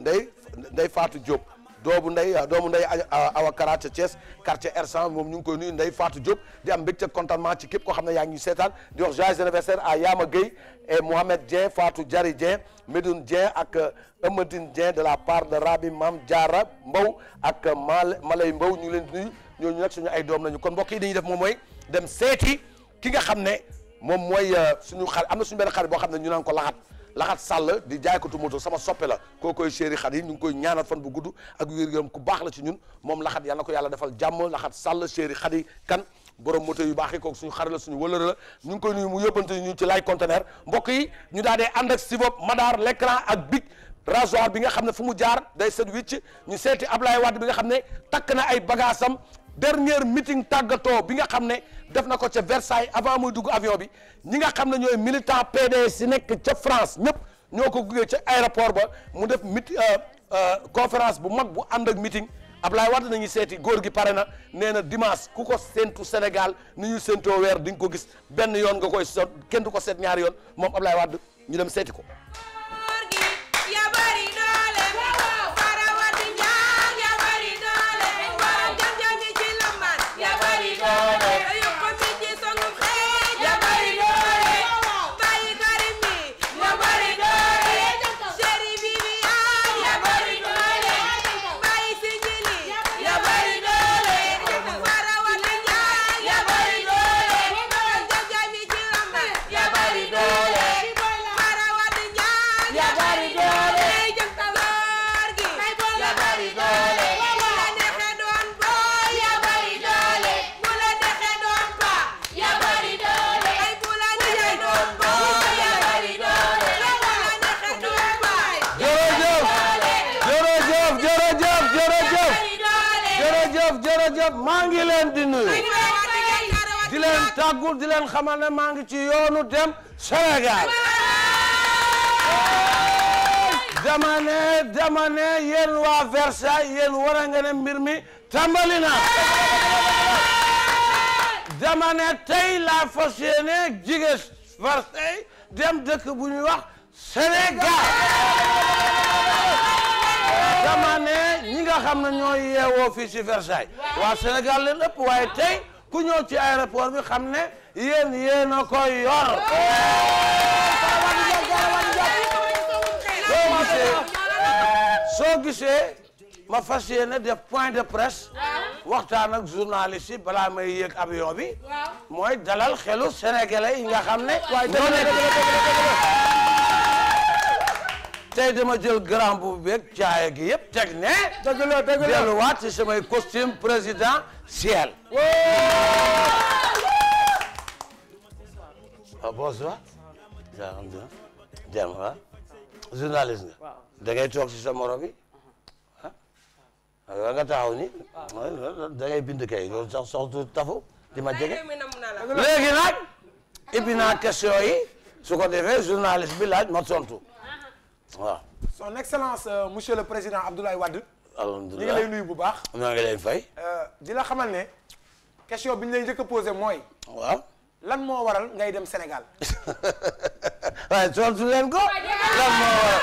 ndey euh, ndey Fatou Diop doobu ndey doomu ndey Awa Kara ca Thiès quartier R100 moom ñu ngi koy nuyu ndey faatu Diop di am mbégte contentement ci képp ko xam ne yaa ngi seetaan di wax joyeux anniversaire à Yama Gueye et Mohamed Dieng Fatou Diary Dieng Medoune Dieng ak Amadine Dieng de la part de Rabi maam jaara Mbow ak Mal Malay Mbow ñu leen di nuyu ñooñu nag suñu ay doom lañu kon mbokk yi dañuy def moom mooy dem seeti ki nga xam ne. moom mooy euh, suñu xar am na suñu benn xar boo xam ne ñu naan ko laxat laxat sàll di jaaykatu moto sama soppe la koo koy chéri xar yi ñu ngi koy ñaanal fan bu gudd ak wér-gu-yaram ku baax la ci ñun moom laxat yal na ko yàlla defal jàmm laxat sàll chéri xar yi kan borom moto yu baax yi su suñu xar la suñu wëlëra la ñu ngi koy nuyu mu yóbbante ñu ci lay conteneur mbokk yi ñu daal dee ànd ak sivop madaar naa ak bic rasoir bi nga xam ne fu mu jaar day set wicc ñu seeti Ablaye Wade bi nga xam ne takk na ay bagaasam dernier meeting tàggatoo bi nga xam ne def na ko ca Versailles avant muy dugg avion bi ñi nga xam ne ñooy militant PDS si nekk ca France ñëpp ñoo ko gugee ca aéroport ba mu def mit euh, euh, conférence bu mag bu ànd ak meeting Ablaye Wade nañu seeti góor gi pare na nee na dimanche ku ko séntu Sénégal ni ñu séntoo weer di nga ko gis benn yoon nga koy so kenn du ko seet ñaari yoon moom Ablaye Wade ñu dem seeti ko leen tàggul di maa ngi ci yoonu dem Sénégal dama ne dama waa Versailles yéen war ne mbir mi tàmbali na dama ne tey laa fas yéene jige Versailles dem dëkk bu ñu wax Sénégal dama ñi nga xam ne ñoo yeewoo fii ci Versailles waa Sénégal leen ëpp waaye tey ku ñëw ci aéroport bi xam ne yéen yéen a yor. soo gisee soo gisee ma fas yéene def point de presse waxtaan ak journaliste yi balaa may yéeg avion bi mooy dalal xelu sénégalais yi nga xam ne. tey dama jël grand boubou caaya gi yëpp teg ne. dëgg la dëgg la samay costume président. ciel. waaw ah, bonsoir. jaa jàmm waaw. journaliste nga. da ngay toog si sa morom ni da ngay bind kay loolu sax soxtu tafu di ma jege léegi nag ibbi naa question yi su ko defee journaliste bi laaj ma tontu ah. son excellence euh, monsieur le président Abdoulaye Wade. alhamdulilah ñu ngi lay nuyu bu baax. maa ngi lay fay. Euh, di la xamal ne question bi ñu lay njëkk a posé mooy. waaw lan moo waral ngay dem Sénégal. waaye tontu leen ko. lan moo waral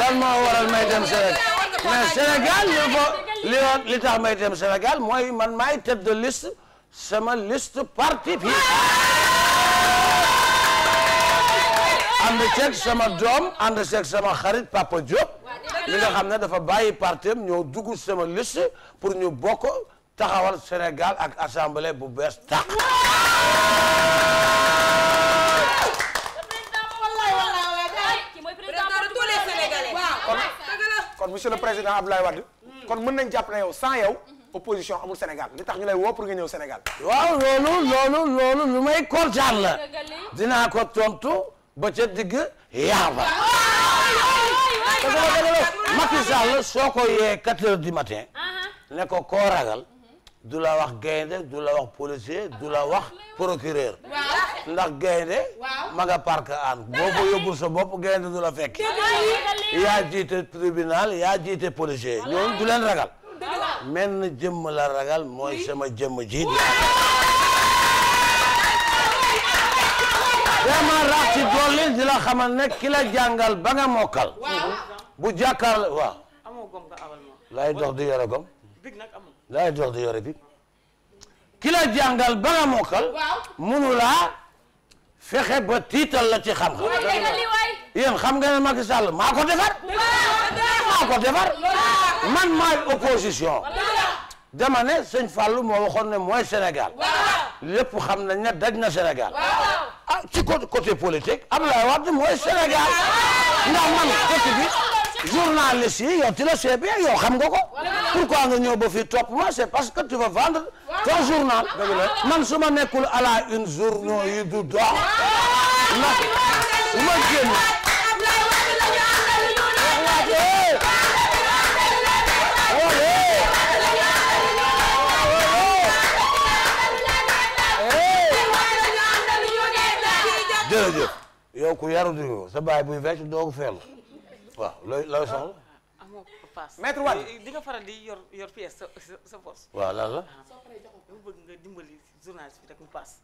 lan moo waral may dem Sénégal mais Sénégal li ko li li tax may dem Sénégal mooy man maay tête de liste sama liste parti bi. ànd ceeg sama en ànd ceeg sama xarit Papa Diop mi nga xam ne dafa bàyyi partem ñoo dugg sama liste pour ñu bokk taxawal Sénégal ak assemblée bu bees tax kon monsieur le président Abdoulaye Wade kon mën nañ jàpp ne yow sans yow opposition amul Sénégal li tax ñu lay woo pour nga ñëw Sénégal waaw loolu loolu loolu lu may kontaan la dinaa ko tontu ba ca digg yaar ba Macky soo ko yee quatre du matin uh-huh. ne ko koo ragal uh-huh. du la wax gaynde du la wax policier du la wax procureur ndax gaynde ma nga parc aan boo ko yóbbul sa bopp gaynde du la fekk yaa jiite tribunal yaa jiite policier ñoom du leen ragal menn jëm la ragal mooy sama jëm jiit dama rax ci dolli di la xamal ne ki la jàngal ba nga mokkal bu jàkkaar la waaw laay dox di yore gom laay dox di yore bi ki la jàngal ba nga mokkal munu laa fexe ba tiital la ci xam-xam yéen xam nga ne Macky Sall maa ko defar maa ko defar man maay opposition dama ne sëñ Fallou moo waxoon ne mooy Sénégal. lépp xam nañ ne daj na Sénégal. ah ci côté côté politique Abdoulaye Wade mooy Sénégal ndax man dëkk bi journaliste yi yow ti la seebe xam nga ko. pourquoi nga ñëw ba fii topp c'est parce que tu vas vendre ton journal. man su ma nekkul à la une journaux yi du dox. ndax ma génn. jërëjëf yow ku yaru di sa baay buy waaw looy looy soxla. amoo paas maître nga faral di yor yor pièce sa sa force. lan la. Ah. soo paree dimbali journaliste bi rek mu paas.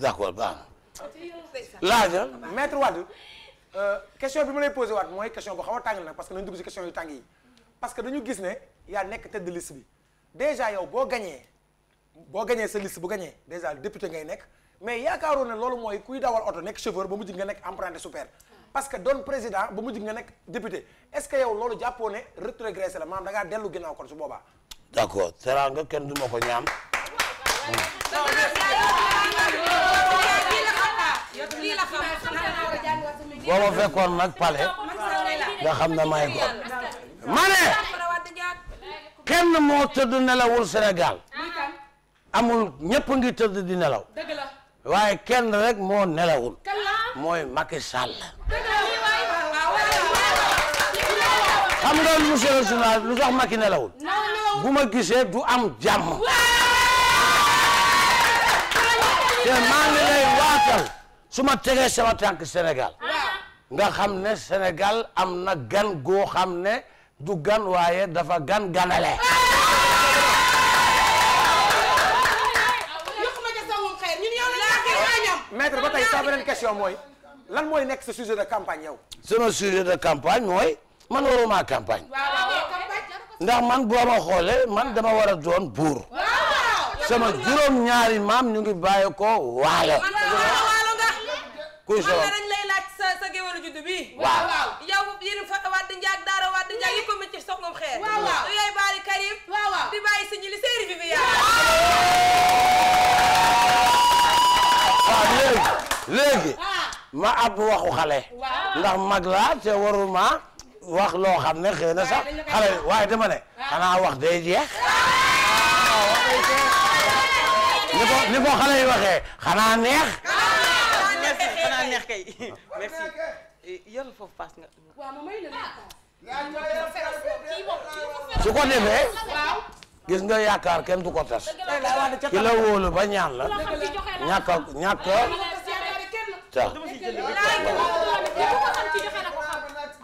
d'accord baax na. laajal maître Wade euh, question lay posé waat mooy question boo xaw a tàng nag parce que nañ dugg ci question yu tàng yi parce que dañu gis ne yaa nekk tête de bi déjà yow boo gañee boo gañee sa liste bu gañee déjà député ngay nekk. mais yaakaaroon ne loolu mooy kuy dawal oto nekk chauffeur ba mujj nga nekk emprunté super parce que doon président ba mujj nga nekk député est-ce que yow loolu jàppoo ne rétrogressé la maanaam da ngaa dellu ginnaaw kon su boobaa. d'accord teraanga kenn du ma ko ñaam. boo ma fekkoon nag pale nga xam ne may góor ma kenn moo tëdd nelawul Sénégal amul ñëpp ngi tëdd di nelaw waaye kenn rekk moo nelawul mooy Macky Sall ah, xam nga monsieur le journal lu tax nelawul bu ma gisee du am jàmm te maa ngi lay waatal su ma tegee sama tànk Sénégal ah, ah. nga xam ne senegal am na gan goo xam ne du gan waaye dafa gan ganale maître ba tey sa beneen mooy lan mooy nekk sa sujet de campagne yow. sama sujet mooy man waruma campagne. ndax man boo ma xoolee man dama war a doon buur. sama juróom ñaari maam ñu ngi ko waalo. kuy sama dañ lay laaj sa sa géwélu juddu bi. waaw yow yéen fa wàdd njaag daara wàdd njaag yi ko mën ci soxnam xeer. waaw waaw yooyu baari Karim. waaw waaw di bàyyi sa ñi li séeri bi bi yaa léegi ma ab waxu xale ndax mag laa te waruma wax loo xam ne xëy na sax xale waaye dama ne xanaa wax day jeex ni ko xale yi xanaa neex xanaa neex kay merci ko defee gis nga yaakaar kenn du ko tas ki la ba ñaan la ñàkk ñàkk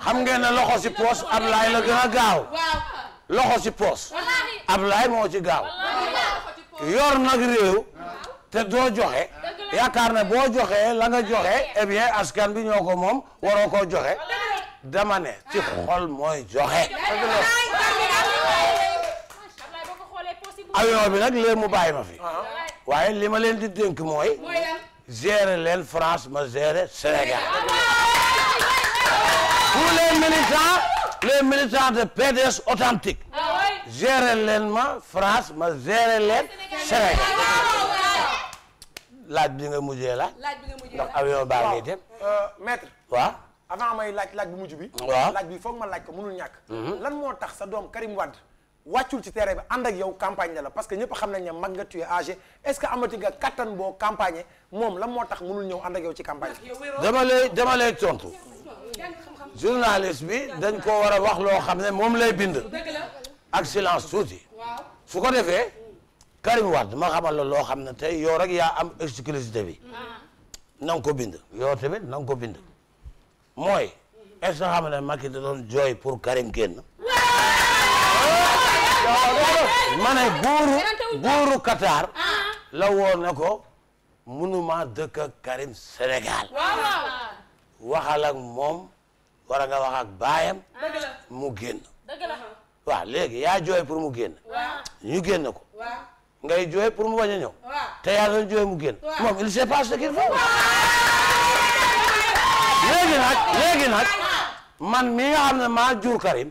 xam ngeen ne loxo si poos Ablaye la gën a gaaw loxo si poos Ablaye moo ci gaaw yor nag réew te doo joxe yaakaar ne boo joxee la nga joxe eh askan bi ñoo ko moom waroo koo joxe dama ne ci ah. xol mooy joxe. avion bi nag léegi mu bàyyi ma fi ah. waaye li ma leen di dénk mooy. gérer leen France ma gérer Sénégal pour ah les militants les militants de PDS authentique ah gérer leen ma France ma gérer leen Sénégal ah laaj bi nga mujjee la ndax avion baa ngay dem euh, maître waaw may laaj laaj bu mujj bi laaj bi foog ma laaj ko mënul ñàkk mhm. lan moo tax sa doom Karim Wade wàccul ci terrain bi ànd ak yow campagne la la parce que ñëpp xam nañ ne mag nga tu es âgé est-ce que amati nga kattan boo campagne moom la moo tax mënul ñëw ànd ak yow ci campagne dama lay dama lay tontu journaliste bi dañ koo war a wax loo xam ne moom lay bind ak silence tuuti su ko defee Karim Wade ma xamal la loo xam ne tey yow rek yaa am exclusivité bi na nga ko bind yow tamit na nga ko bind mooy est-ce xam ne Macky da doon jooy pour Karim génn ma ne buuru buuru Qatar. Ah, ah. la woon na ko munuma dëkk ak Karim Sénégal. waxal ak moom war nga wax ak baayam. Ah. mu génn. waaw léegi yaa jooy pour mu génn. ñu génn ko. ngay jooy pour mu bañ ñëw. te yaa doon jooy mu génn. moom il sait pas ce qu'il faut. man mi nga xam ne maa jur karin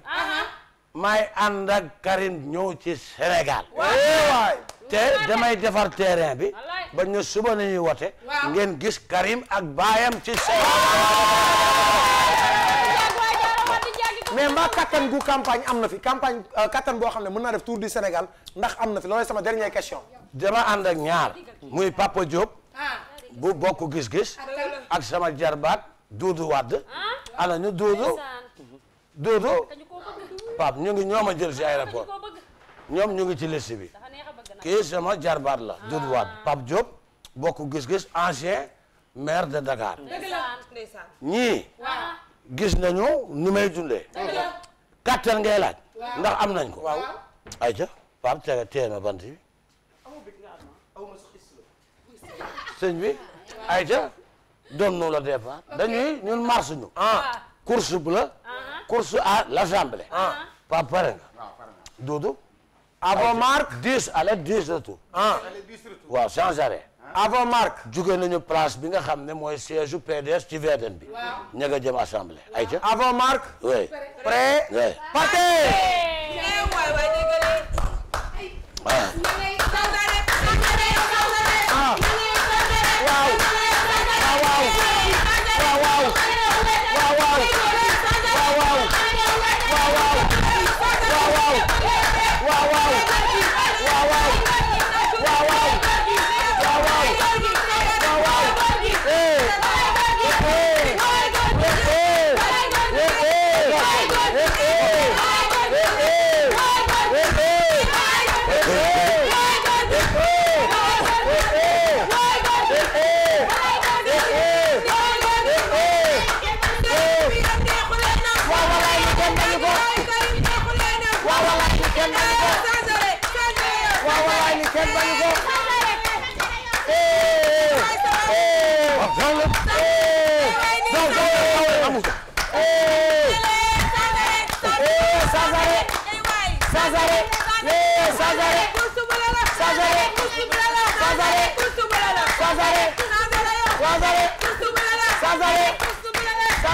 may ànd ak Karim ñëw ci Sénégal. waay eh, te damay defar terrain bi ba ñu suba nañuy wote. ngeen gis Karim ak baayam ci Sénégal. mais mbaa kattan gu campagne am na fi campagne euh, kattan boo xam ne mën naa def tour du Sénégal ndax am na fi loolu sama dernière question. dama ànd ak ñaar muy Papa Diop ah. bu bokk gis-gis ah, ak sama jarbaat Doudou Wade ah. ana ñu Doudou Doudou. Pape ñu ngi ñoom a jël si aéroport ñoom ñu ngi ci liste bi kii sama jarbaat la ah. Doudou Wade Pape Diop bokk gis-gis ancien maire de Dakar ñii gis nañu ni may dundee kattan ngay laaj ndax am nañ ko ay ca Pape tega teel ma bant bi sëñ bi ay ca doon nu la départ dañuy ñun marche ñu ah. Ah. course bu uh-huh. course à l'assemblée. Uh-huh. pas pare nga. Doudou. avant marque dix aller dix retour. avant marque. jugee nañu place bi nga xam ne mooy siège u PDS ci VDN bi. ña nga jëm assemblée. ayca avant marque. oui prêt. oui partez.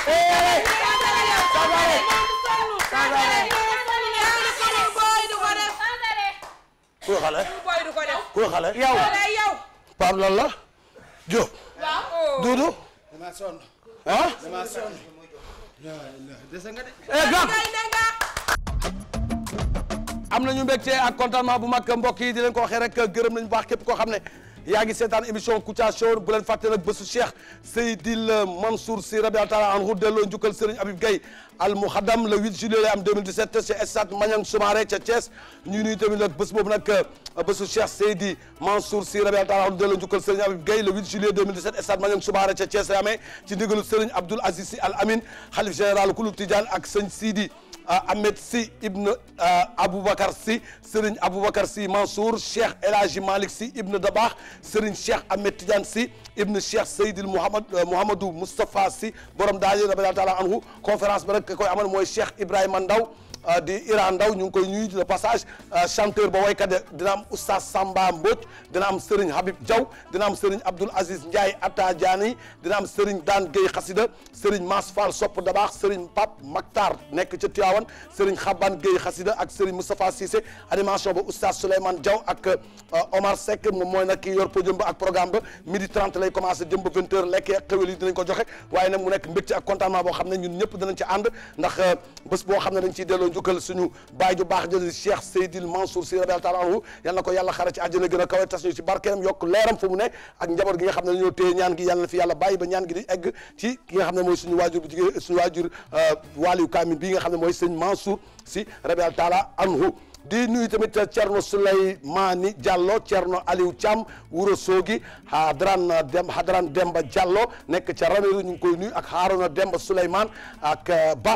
ku xale. ku xale. yow yow. Pape lan la. Diop. waaw Doudou. damaa sonn. ah. damaa sonn. dese nga de. am ak contentement bu mag mbokk yi di ko waxee rek gërëm nañu baax képp koo xam ne. yaa ngi seetaan émission Kouthia Show bu leen fàtte nag bésu Cheikh Seydil Mansour Sy rabial taala anhu delloo njukkal Serigne Habib Gueye al muhaddam le 8 juillet lay am 2017 ci stade Maniang Soumaré ca Thiès ñu nuyu tamit nag bés boobu nag euh, bésu Cheikh Seydi Mansour Sy rabial taala anhu delloo njukkal Serigne Habib Gueye le 8 juillet 2017 stade Maniang Soumaré ca Thiès lay amee ci ndigalu Serigne Abdoul Aziz Sy Al Amin xalif général kulub Tidiane ak sëñ Sidi Euh, Ahmed Sy ibn euh, Aboubacar Sy Serigne Aboubacar Sy Mansour Cheikh El Hadji Malick Sy ibn Dabakh Serigne Cheikh Ahmed Tidiane Sy ibn Cheikh Seydil Mouhamad euh, Mouhamadou Moustapha Sy borom daal di rabi taala anhu conférence bi rek koy amal mooy Cheikh Ibrahima Ndaw Ah, di Iran Ndaw ñu ngi koy ñuy de passage ah, chanteur ba waykat dina am Oustaz Samba Mbodj dina am Serigne Habib Diaw dina am Serigne Abdoul Aziz Ndiaye Atta Diani dina am Serigne Daan Gueye Xasida Serigne Mass Fall Sopp Dabaax Serigne Pape Maktar nekk ca Tivaouane Serigne Xaban Gueye Xasida ak Serigne Moustapha Cissé animation ba Oustaz Souleymane Diaw ak ah, Omar Seck moom mooy nag ki yor podium ba ak programme ba midi 30 lay commencé jëm ba 20 heures lekk ak xewel yi dinañ ko joxe waaye nag mu nekk mbégte ak contentement boo xam ne ñun ñëpp danañ ci ànd ndax bés ne dañ ciy delloo njukkal suñu baay ju baax jël Cheikh Seydil Mansour Sy radiyallahu taala anhu yal na ko yàlla xara ci àjjana gën a kawe tas ñu ci barkeem yokk leeram fu mu ne ak njaboot gi nga xam ne dañoo téye ñaan gi yàlla fi yàlla bàyyi ba ñaan gi di egg ci ki nga xam ne mooy suñu waajur bu jigéen suñu waajur euh, waaliyu kaamil bii nga xam ne mooy sëñ Mansour Sy radiyallahu taala anhu di nuyu tamit Thierno Souleymani Diallo Thierno Aliou Thiam Wuro Sogi Hadran Dem Hadran Demba Diallo nekk ca Ranérou ñu ngi koy nuyu ak Harona Demba Souleymane ak eh, Ba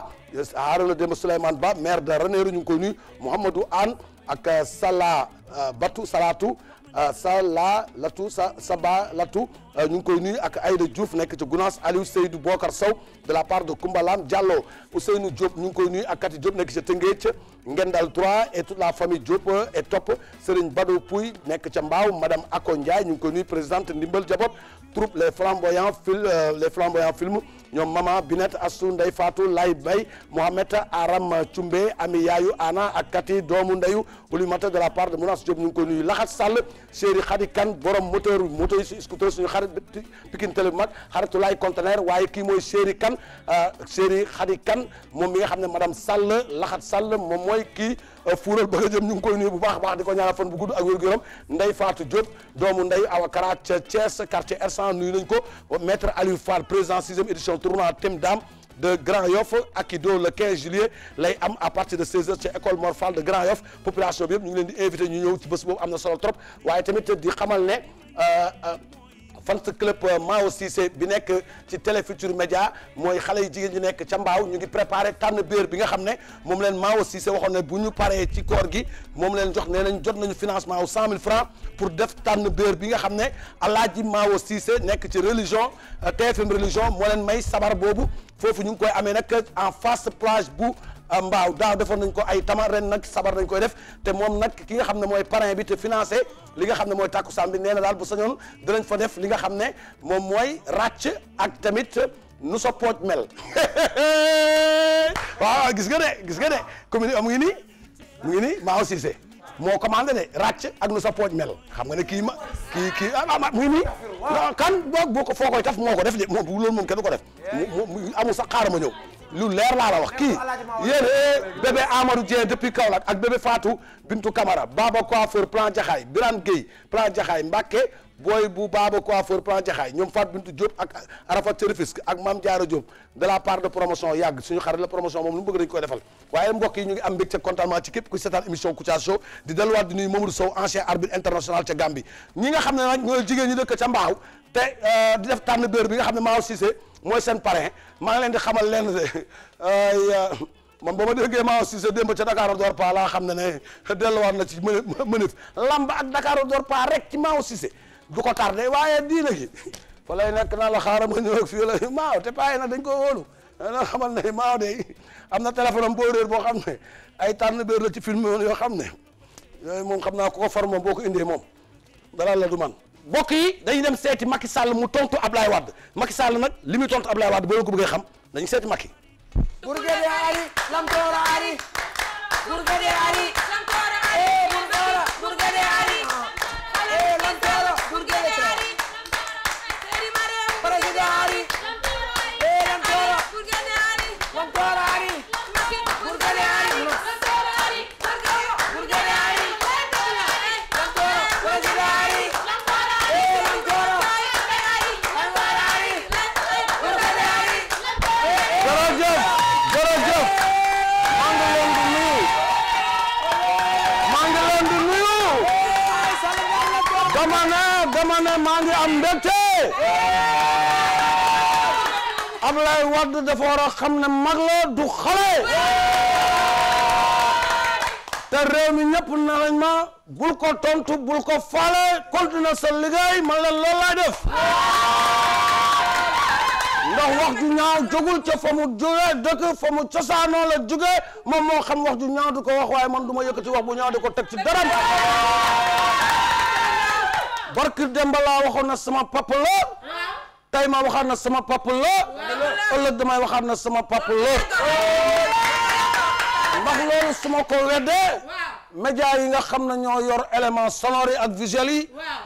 Harona Demba Souleymane Ba maire de Ranérou ñu ngi koy nuyu Mouhamadou Anne ak eh, Sala eh, Batu salaatu Salatu euh, sa Sabalatu euh, ñu ngi koy nuyu ak Aïda Diouf nekk ci Gounass Aliou Seydou Bokar Sow de la part de Koumba Lam Diallo Ousseynou Diop ñu ngi koy nuyu ak Kati Diop nekk ci Tëngéej Ngendal 3 et la famille Diop et euh, topp Serigne Badou Pouy nekk ca Mbaaw madame Ako Ndiaye ñu ngi koy nuyu présidente Ndimbal Jabot troupe les flamboyants fil les flamboyants films ñoom maman Binette Assou Ndeye Fatou Lay Bay Mohamed Aram Thioumbe ami yaayu Ana ak Kati doomu ndeyu polymata de la part de Mounas Diop ñu ngi koy nuyu Laxat Sall Chéri Khady Kane borom moteur moto yi si scooter suñu xarit Pikine Télé bu mag xaritu waaye kii mooy Chéri Kane euh, Chéri Khady kan moom mi nga xam ne madame Sall Laxat Sall moom mooy kii euh, fuural bëgg a jëm ñu ngi koy nuyu bu baax a baax di ko ñaanal fan bu gudd ak wér gu yaram Ndeye Fatou Diop doomu Ndeye Awa Kara ca Thiès quartier r nuyu nañ ko maître ali Fall président sixième édition tournoi thème dame de Grand Yoff Akido le 15 juillet lay am à partir de 16h ci école Mor de Grand Yoff population bi yëpp ñu ngi leen di invité ñu ñëw ci bés boobu am na solo trop waaye tamit di xamal ne. Euh, euh, fans club euh, Mao Cissé bi nekk ci Télé Futurs Médias mooy xale yu jigéen ñi nekk ca mbaaw ñu ngi préparé tànn béer bi nga xam ne moom leen Mao Cissé waxoon ne bu ñu paree ci koor gi moom leen jox nee nañ jot nañu financement wu 100000 francs pour def tànn béer bi nga xam ne Alaaji Mao Cissé nekk ci religion euh, TFM religion moo leen may sabar boobu foofu ñu ngi koy amee nag en face plage bu Ah, mbaaw daaw defoon nañ ko ay tama ren nag sabar dañ koy def te moom nag ki nga xam ne mooy parrain bi te financé li xam ne mooy tàkkusaan bi nee na daal bu sañoon dinañ fa def li nga xam ne moom mooy ràcc ak tamit nu sa pooj mel waaw gis nga de gis nga de commune am ngi nii mu ngi moo commandé ne ràcc ak nu sa pooj mel xam nga ne kii ma kii kii ah, ah mu ngi kan boo boo ko foo koy taf moo ko def de moom loolu moom kenn ko def mu amul sax xaaral ma ñëw lu leer laa la wax kii yéen eh, bébé Amadou Dieng depuis Kaolack ak bébé Fatou bintu Camara Baba Coiffeur plan Jaxaay Birane Gueye plan Jaxaay Mbacke booy bu baaba coiffeur plan jaxaay ñoom Fatou Bintou Diop ak Arafat Serifisk ak Mame Diarra Diop de la part de promotion yàgg suñu xarit la promotion moom lu mu bëgg dañu koy defal waaye mbokk yi ñu ngi am mbégte contentement ci képp ku seetaan émission Kouthia Show di delluwaat di nuyu Mamadou Sow ancien arbitre international ca Gambie ñi nga xam ne nag ñooy jigéen ñi dëkk ca Mbaaw te euh, def tànn beer bi nga xam ne Maaw Cissé mooy seen parrain maa ngi leen di xamal leen de euh, man ba ma déggee maa si sa démb ca Dakar Dorpa laa xam ne ne delluwaat na ci mënef lamb ak Dakar Dorpa rek ci maa Cissé du ko tardé waaye diina gi fa lay nekk naa la xaaral ma ñëw fii la maaw te paye nag dañ koo wóolu na xamal ne maaw de am na téléphone boo réer boo xam ne ay tànn béer la ci film yoon yoo xam ne yooyu moom xam naa ku ko far moom boo ko indee moom dara la du man mbokk yi dañuy dem seeti Macky Sall mu tontu Ablaye Wade Macky Sall nag li muy tontu Ablaye Wade boo leen ko bëggee xam dañu seeti Macky. Bourguédé ari Lamtooro ari Bourguédé ari Lamtooro maa ngi am mbégte Ablaye dafa war xam ne mag la du xale te réew mi ñëpp na lañ ma bul ko tontu bul ko faale continue sa liggéey man la loolu laay def ndax wax ju ñaaw jógul ca fa mu jóge dëkk fa mu cosaanoo la jóge moom moo xam wax ju ñaaw du ko wax waaye man du ma yëkkati wax bu ñaaw di ko teg ci daram barke Demba laa waxoon na sama papa la tey ma waxaat na sama papa la ëllëg damay waxaat na sama papa la ndax loolu su ma ko weddee média yi nga xam na ñoo yor élément sonore yi ak visuel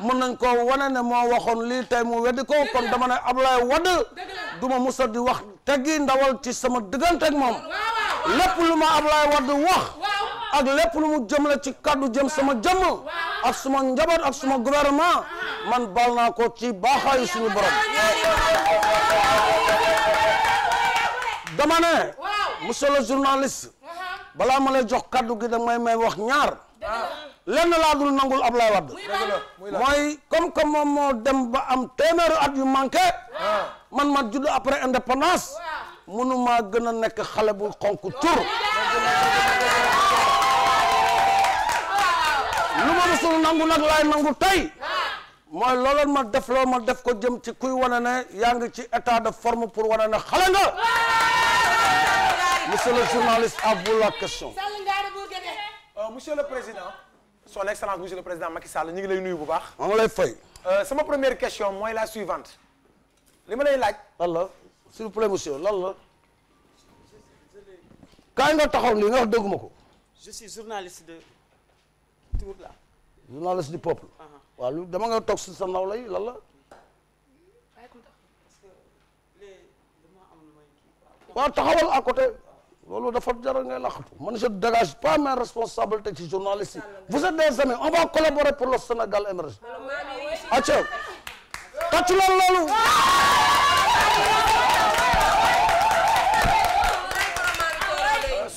mën nañ ko wane ne moo waxoon lii tey weddi ko kon dama ne Ablaye Wade du ma musa di wax teggi ndawal ci sama diggante ak moom lépp lu ma Ablaye Wade wax ak lépp lu mu jëm la ci kaddu jëm sama jëmm ak suma njaboot ak suma gouvernement man baal naa ko ci baaxaayu suñu borom dama ne monsieur le journaliste balaa ma lay jox kaddu gi da may wax ñaar lenn laa dul nangul Ablaye Wade mooy moom moo dem ba am téeméeri at ma judd après indépendance mënu maa gën a xale bu xonk tur lu ma mësul nangu nag laay nangu tey mooy looloon ma def loolu ma def ko jëm ci kuy wane ne yaa ngi ci état de forme pour wane ne xale nga monsieur le journaliste à vous question euh, monsieur le président son excellence monsieur le président Macky Sall ñu ngi lay nuyu bu baax maa ngi lay fay euh, sama première question mooy la suivante li ma lay laaj la s'il vous plaît monsieur lan la ko je Tiboula. journaliste de peuple. waaw lu dama nga toog si sa ndaw lay lan la. waaw taxawal à côté loolu dafa jaral ngay laqatu man pas mes responsabilités ci journaliste vous êtes des amis on va collaborer pour le Sénégal émergent. acca tàccu loolu.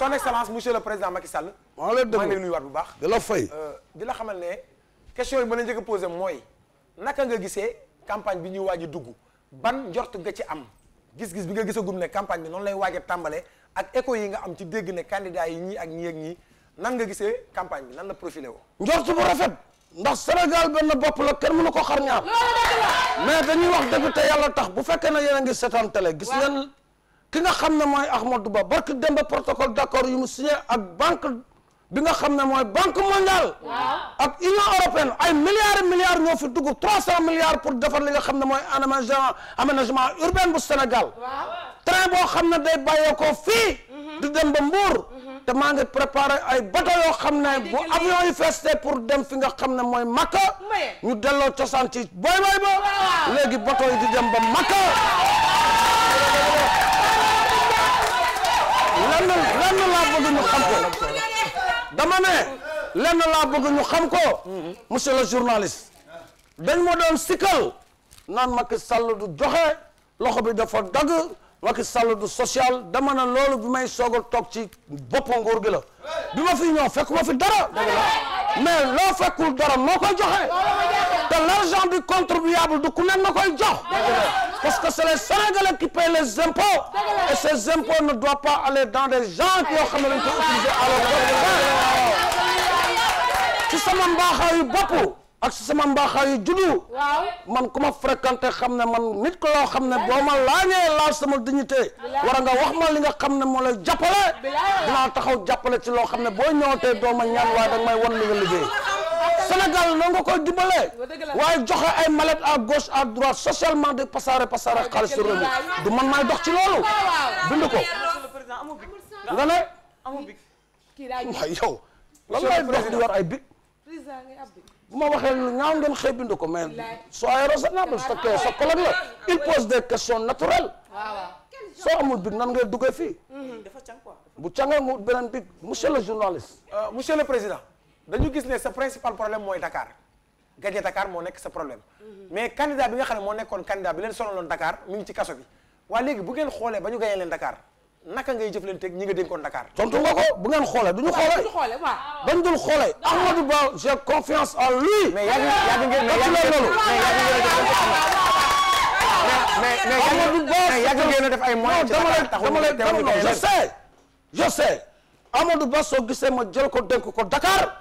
son excellence monsieur le président Macky Sall. maa ngi lay nuyuwaat bu baax. di la fay euh, di la xamal ne question yi mën a njëkk a mooy naka nga gisee campagne bi ñuy waaj dugg ban njort nga ci am gis-gis bi nga gisagum ne campagne noonu lay waaj a tàmbale ak écho yi nga am ci dégg ne candidat yi ñii ak ñii ak ñii nan nga gisee campagne bi nan la profilé woo. njort bu rafet. ndax Sénégal benn bopp la kenn mënu ko xar ñaar mais dañuy wax dëgg te yàlla tax bu fekkee ne yéen a ngi seetaan gis ngeen ki nga xam ne mooy Ahmadou Ba barki demba protocole d'accord yu mu signé ak banque bi nga xam ne mooy banque mondiale ak union européenne ay milliards milliards ñoo fi dugg trois cent milliards pour defar li nga xam ne mooy aménagement aménagement urbain bu Sénégal train boo xam ne day bàyyeekoo fii mhm. di dem ba Mbour mhm. te maa ngi préparé ay bateau yoo xam ne pour dem fi nga xam ne mooy Makka ñu delloo cosaan ci booy booy ba léegi bateau yi di dem ba Makka lenn lenn laa bëgg ñu xam ko dama ne lenn laa bëgg ñu xam ko monsieur le journaliste dañ ma doon sikkal naan Macky Sall du joxe loxo bi dafa dagg Macky Sall du social dama ne loolu bi may soog a toog ci bopp nguur gi la bi ma fi ñëw fekk ma fi dara mais loo fekkul doroom moo koy joxe te l'argent du contribuable du ku nekk na koy jox parce que c'est les Sénégalais qui paient les impôts et ces impôts ne doivent pas aller dans des gens yoo xam ne dañ ko utiliser à leur profit ci sama mbaaxaayu bopp ak sama mbaaxaayu juddu. waaw man ku ma fréquenté xam ne man nit ko xam ne boo ma laal sama dignité. war nga wax ma li nga xam ne moo lay jàppale. dinaa taxaw jàppale ci loo xam ne boo ñëwatee doo ma ñaan waaye danga may wan li nga liggéey. Sénégal noonu nga koy dimbalee waaye joxe ay mallette à gauche à droite socialement de passare passare xaalis réew mi du man maay dox ci loolu bind ko nga ne waaye yow lan ngay dox di war ay bu ma waxee lu ñaaw ngeen xëy bind ko mais soyez raisonnable sa kee sa collègue la il pose des questions naturelles soo amul big nan ngay duggee fii mm-hmm. bu cangee mu beneen big monsieur le journaliste euh, monsieur le président dañu gis ne sa principal problème mooy dakaar gaje Dakar moo nekk sa problème mm-hmm. mais candidat bi nga xam ne moo nekkoon candidat bi leen sonaloon Dakar mi ngi ci kaso bi waaye léegi bu ngeen xoolee ba ñu gañee leen Dakar naka ngay jëflanteeg ñi nga dénkoon Dakar. tontu nga ko bu ngeen xoolee du ñu xoolee. waaw bañ dul xoolee. Amadou Ba j'ai confiance en lui. mais yàgg yàgg ngeen mais yàgg ngeen a def ay moyens ci Dakar dama lay dama lay je sais je sais Ba soo gisee ma jël ko dénk ko Dakar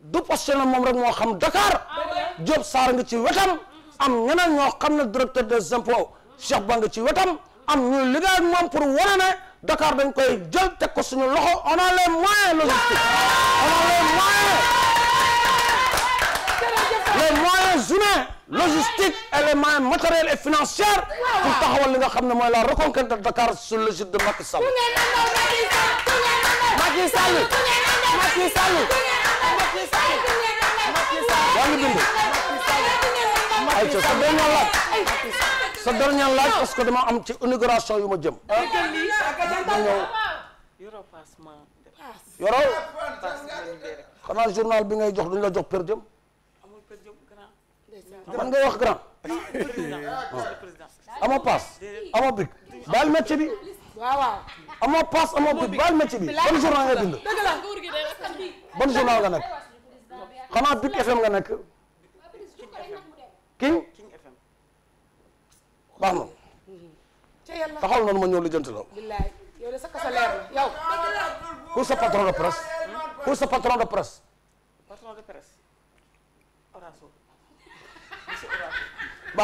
du positionné moom rek moo xam Dakar ah Diop Sarr nga ci wetam am ñeneen ñoo xam ne directeur de impôts Cheikh Ba nga ci wetam am ñu liggéey moom pour wane Dakar dañ koy jël teg ko suñu loxo on a les moyens logistiques on a les moyens les moyens humains logistiques et les moyens matériels et financiers pour taxawal li nga xam ne mooy la reconquête de Dakar sur le gîte de Macky Sall. Macky Sall Macky Sall Macky Sall yaa ngi bind. ayca sa benn laaj. so dernier laaj parce que dama am ci inauguration yu ma jëm. yoroo xanaa journal bi ngay jox duñ la jox per diem. man nga wax grand. amoo paas amoo bic baal métier bi. waaw amoo paas amoo bic baal métier bi ban journal nga bind. ban journal nga nekk. xanaa bic FM nga baax na. ca yàlla ma ñëw lijjanti la. billaay de sa kasa patron de presse. pour sa patron de presse. patron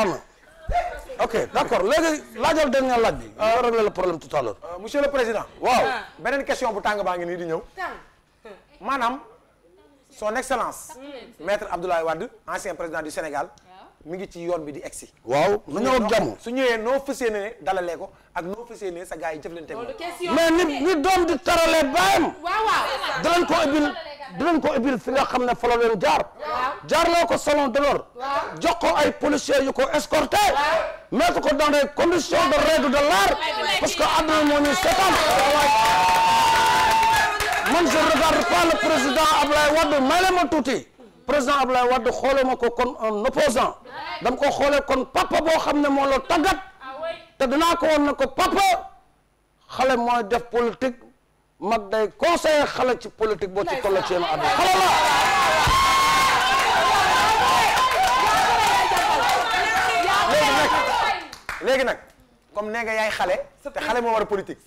na. ok d'accord léegi laajal dernier laaj bi. a euh, régler le problème tout à l'heure euh, monsieur le président. waaw ah. beneen question bu tàng baa ngi nii di ñëw. maanaam son excellence. Hmm. maître Abdoulaye Wade ancien président du Sénégal. mi ngi ci yoon bi di egsi waaw na ñëw ak jàmm su ñëwee noo fas yéenee dalalee ko ak noo fas yéenee sa gars yi jëflante mais nit ñi doom di taralee baayam waaw ko ubbil dinañ ko ubbil fi xam ne fa la leen jaar jaarloo ko salon d'honneur jox ko ay policiers yu ko escorté mettre ko dans des conditions de règle de l'art parce que àdduna moo ñu seetaan man je regarde pas le président Ablaye Wade may leen ma président Abdoulaye Wade xoolee ma ko kon un opposant dam ko xoolee kon papa boo xam ne moo la tàggat te danaa ko woon ne ko papa xale mooy def politique mag day conseiller xale ci politique boo ci toll ci yenn àdduna xale la. léegi nag comme nee nga yaay xale te xale moo war a politique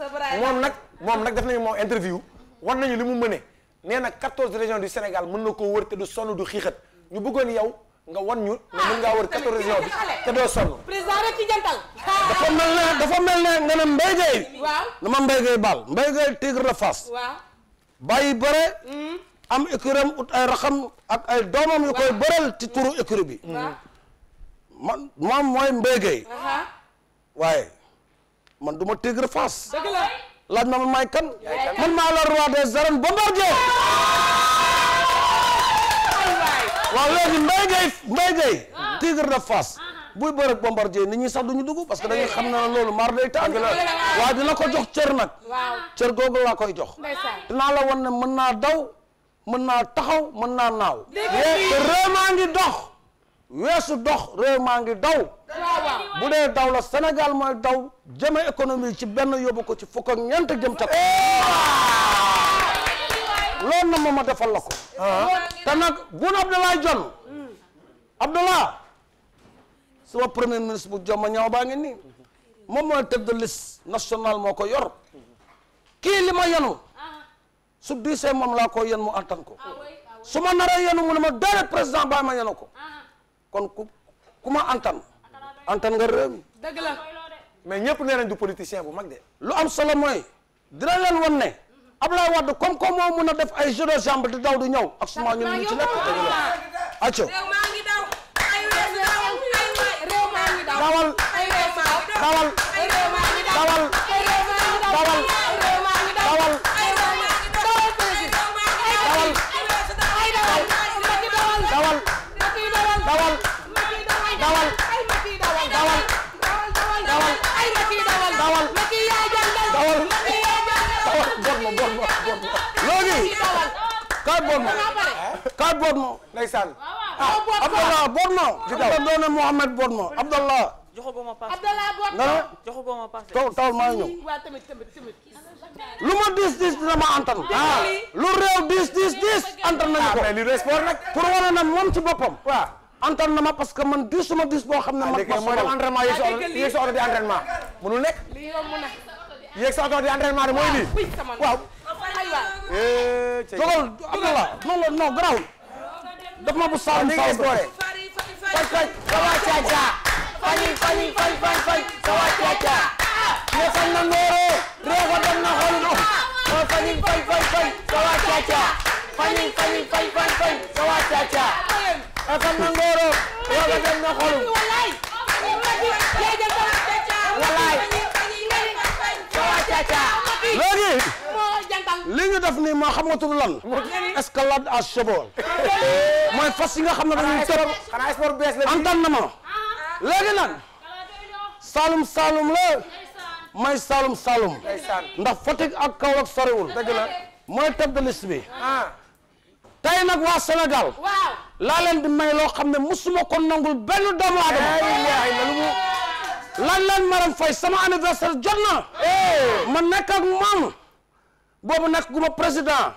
moom nag moom nag def nañu moo interview war nañu li mu mëne nee na quatorze régions du Sénégal mën na koo wër te du sonn du xiixat ñu bëggoon yow nga wan ñu. ah mën ngaa wër ah, quatorze régions bi te doo sonn. président rek ci jantal. dafa mel ne dafa mel ne nga ne Mbaye na ma Mbaye Gueye baal Mbaye Gueye Tigre la bàyyi bëre. Hmm. am écuram ut ay raxam ak ay doomam yu koy bëral ci turu écurie bi. Hmm. man moom mooy Mbaye Gueye. waaye man du ma Tigre Fass. laaj ma man maay kan man maa la roi des arènes bombardier waaw léegi Mbaye Gueye Mbaye Gueye tigre buy bëre ak bombardier ñi sax du dugg parce que dañuy xam na loolu mar day tàng waaye dina ko jox cër nag cër googu laa koy jox dinaa la wan ne mën naa daw mën naa taxaw mën naa naaw te réew maa dox weesu dox réew maa ngi daw bu dee daw la Sénégal mooy daw jëme économie ci benn yóbbu ko ci fukk ak ñeent jëm ca loolu na ma ma defal la ko ah. te nag Boun Abdallah Dionne hmm. Abdallah sama premier ministre bu jom ma baa ngi nii moom mooy tête de liste moo ko yor kii li ma yenu ah. su diisee moom laa ko yen mu antan ko su ma naree yenu mu ne ma président baa ma yenu ko ah. kon ku ku ma antan antan nga réew mi dëgg la mais ñëpp nee nañ du politicien bu mag de lu am solo mooy dina leen wan ne Ablaye Wade comme comme moo mun def ay jeu de jambe di daw di ñëw ak suma ñun ñu ci nekk acco dawal moom ka Borno ndeysaan ah, Abdallah Borno a doone Mohamed Borno Abdallah joxu ba ma paas Abdallah Borno joxu ba ma paas taw taw maa ngi ñëw lu ma diis diis dina ma antan ah, lu réew diis diis diis antan nañu ah, ko li sport na moom ci boppam waaw na ma parce que man diis suma diis boo xam ne man mooy dem entraînement yéeg sa oto di entraînement mënul nekk yéeg sa oto di entraînement de mooy lii waaw waay. dogal Abdallah non non non garaawul. daf ma bu saalum saalum boore. fay fay sawa caca. fay fay fay fay fay sawa caca. neefal na nooro. réew a dem na xool ndox. fay fay fay fay sawa caca. fay fay fay fay fay sawa caca. neefal na nooro. réew a dem na xool. léegi li ñu def nii lan escalade à cheval mooy fas yi nga xam ne dañuy tëb xanaa sport bees la antan na ma ah. léegi nag saalum saalum la may saalum saalum ndax Fatick ak Kaolack soriwul dëgg la mooy tëb de liste bi ah. tey nag waa Sénégal laa leen di may loo xam ne musuma ko nangul benn doomu laaj leen Marème Faye sama anniversaire jot na eh. ma nekk ak moom boobu nekk gu ma président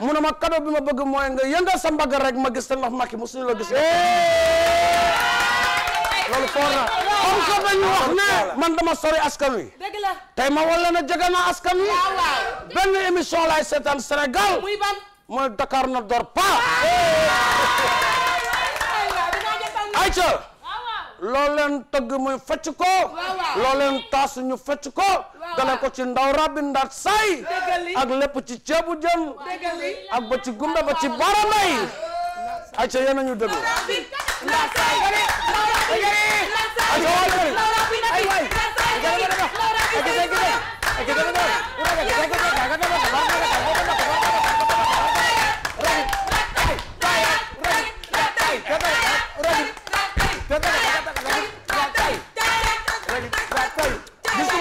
mu ne ma cadeau bi ma bëgg mooy nga yëngal sa mbagg rek ma gis te ndax Macky mosuñu la gis eh. loolu foor na comme que dañu wax ne man dama sori askan wi dëgg la tey ma wala na jege naa askan wi benn émission laay seetaan Sénégal muy ban mooy Dakar ne dort pas ayca loo leen tëgg muy fecc ko loo leen taas ñu fecc ko ko ci ndaw rabbi ndaat say ak lépp ci ceebu jën ak ba ci gumbe ba ci baramay ay ca yéen a ñu déglu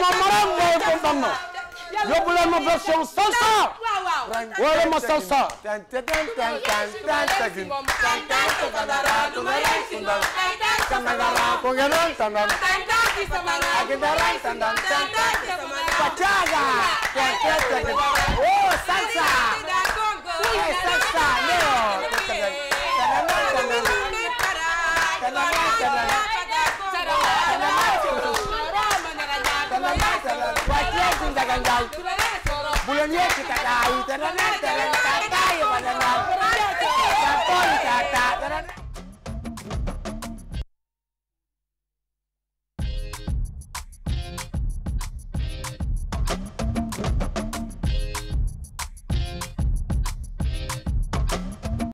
sama maram mooy Kumba ma yóbbu leen ma version salsa wala ma salsa oh salsa hey salsa leo si Ndiaga Ndiaye bu leen yegg ci tata yi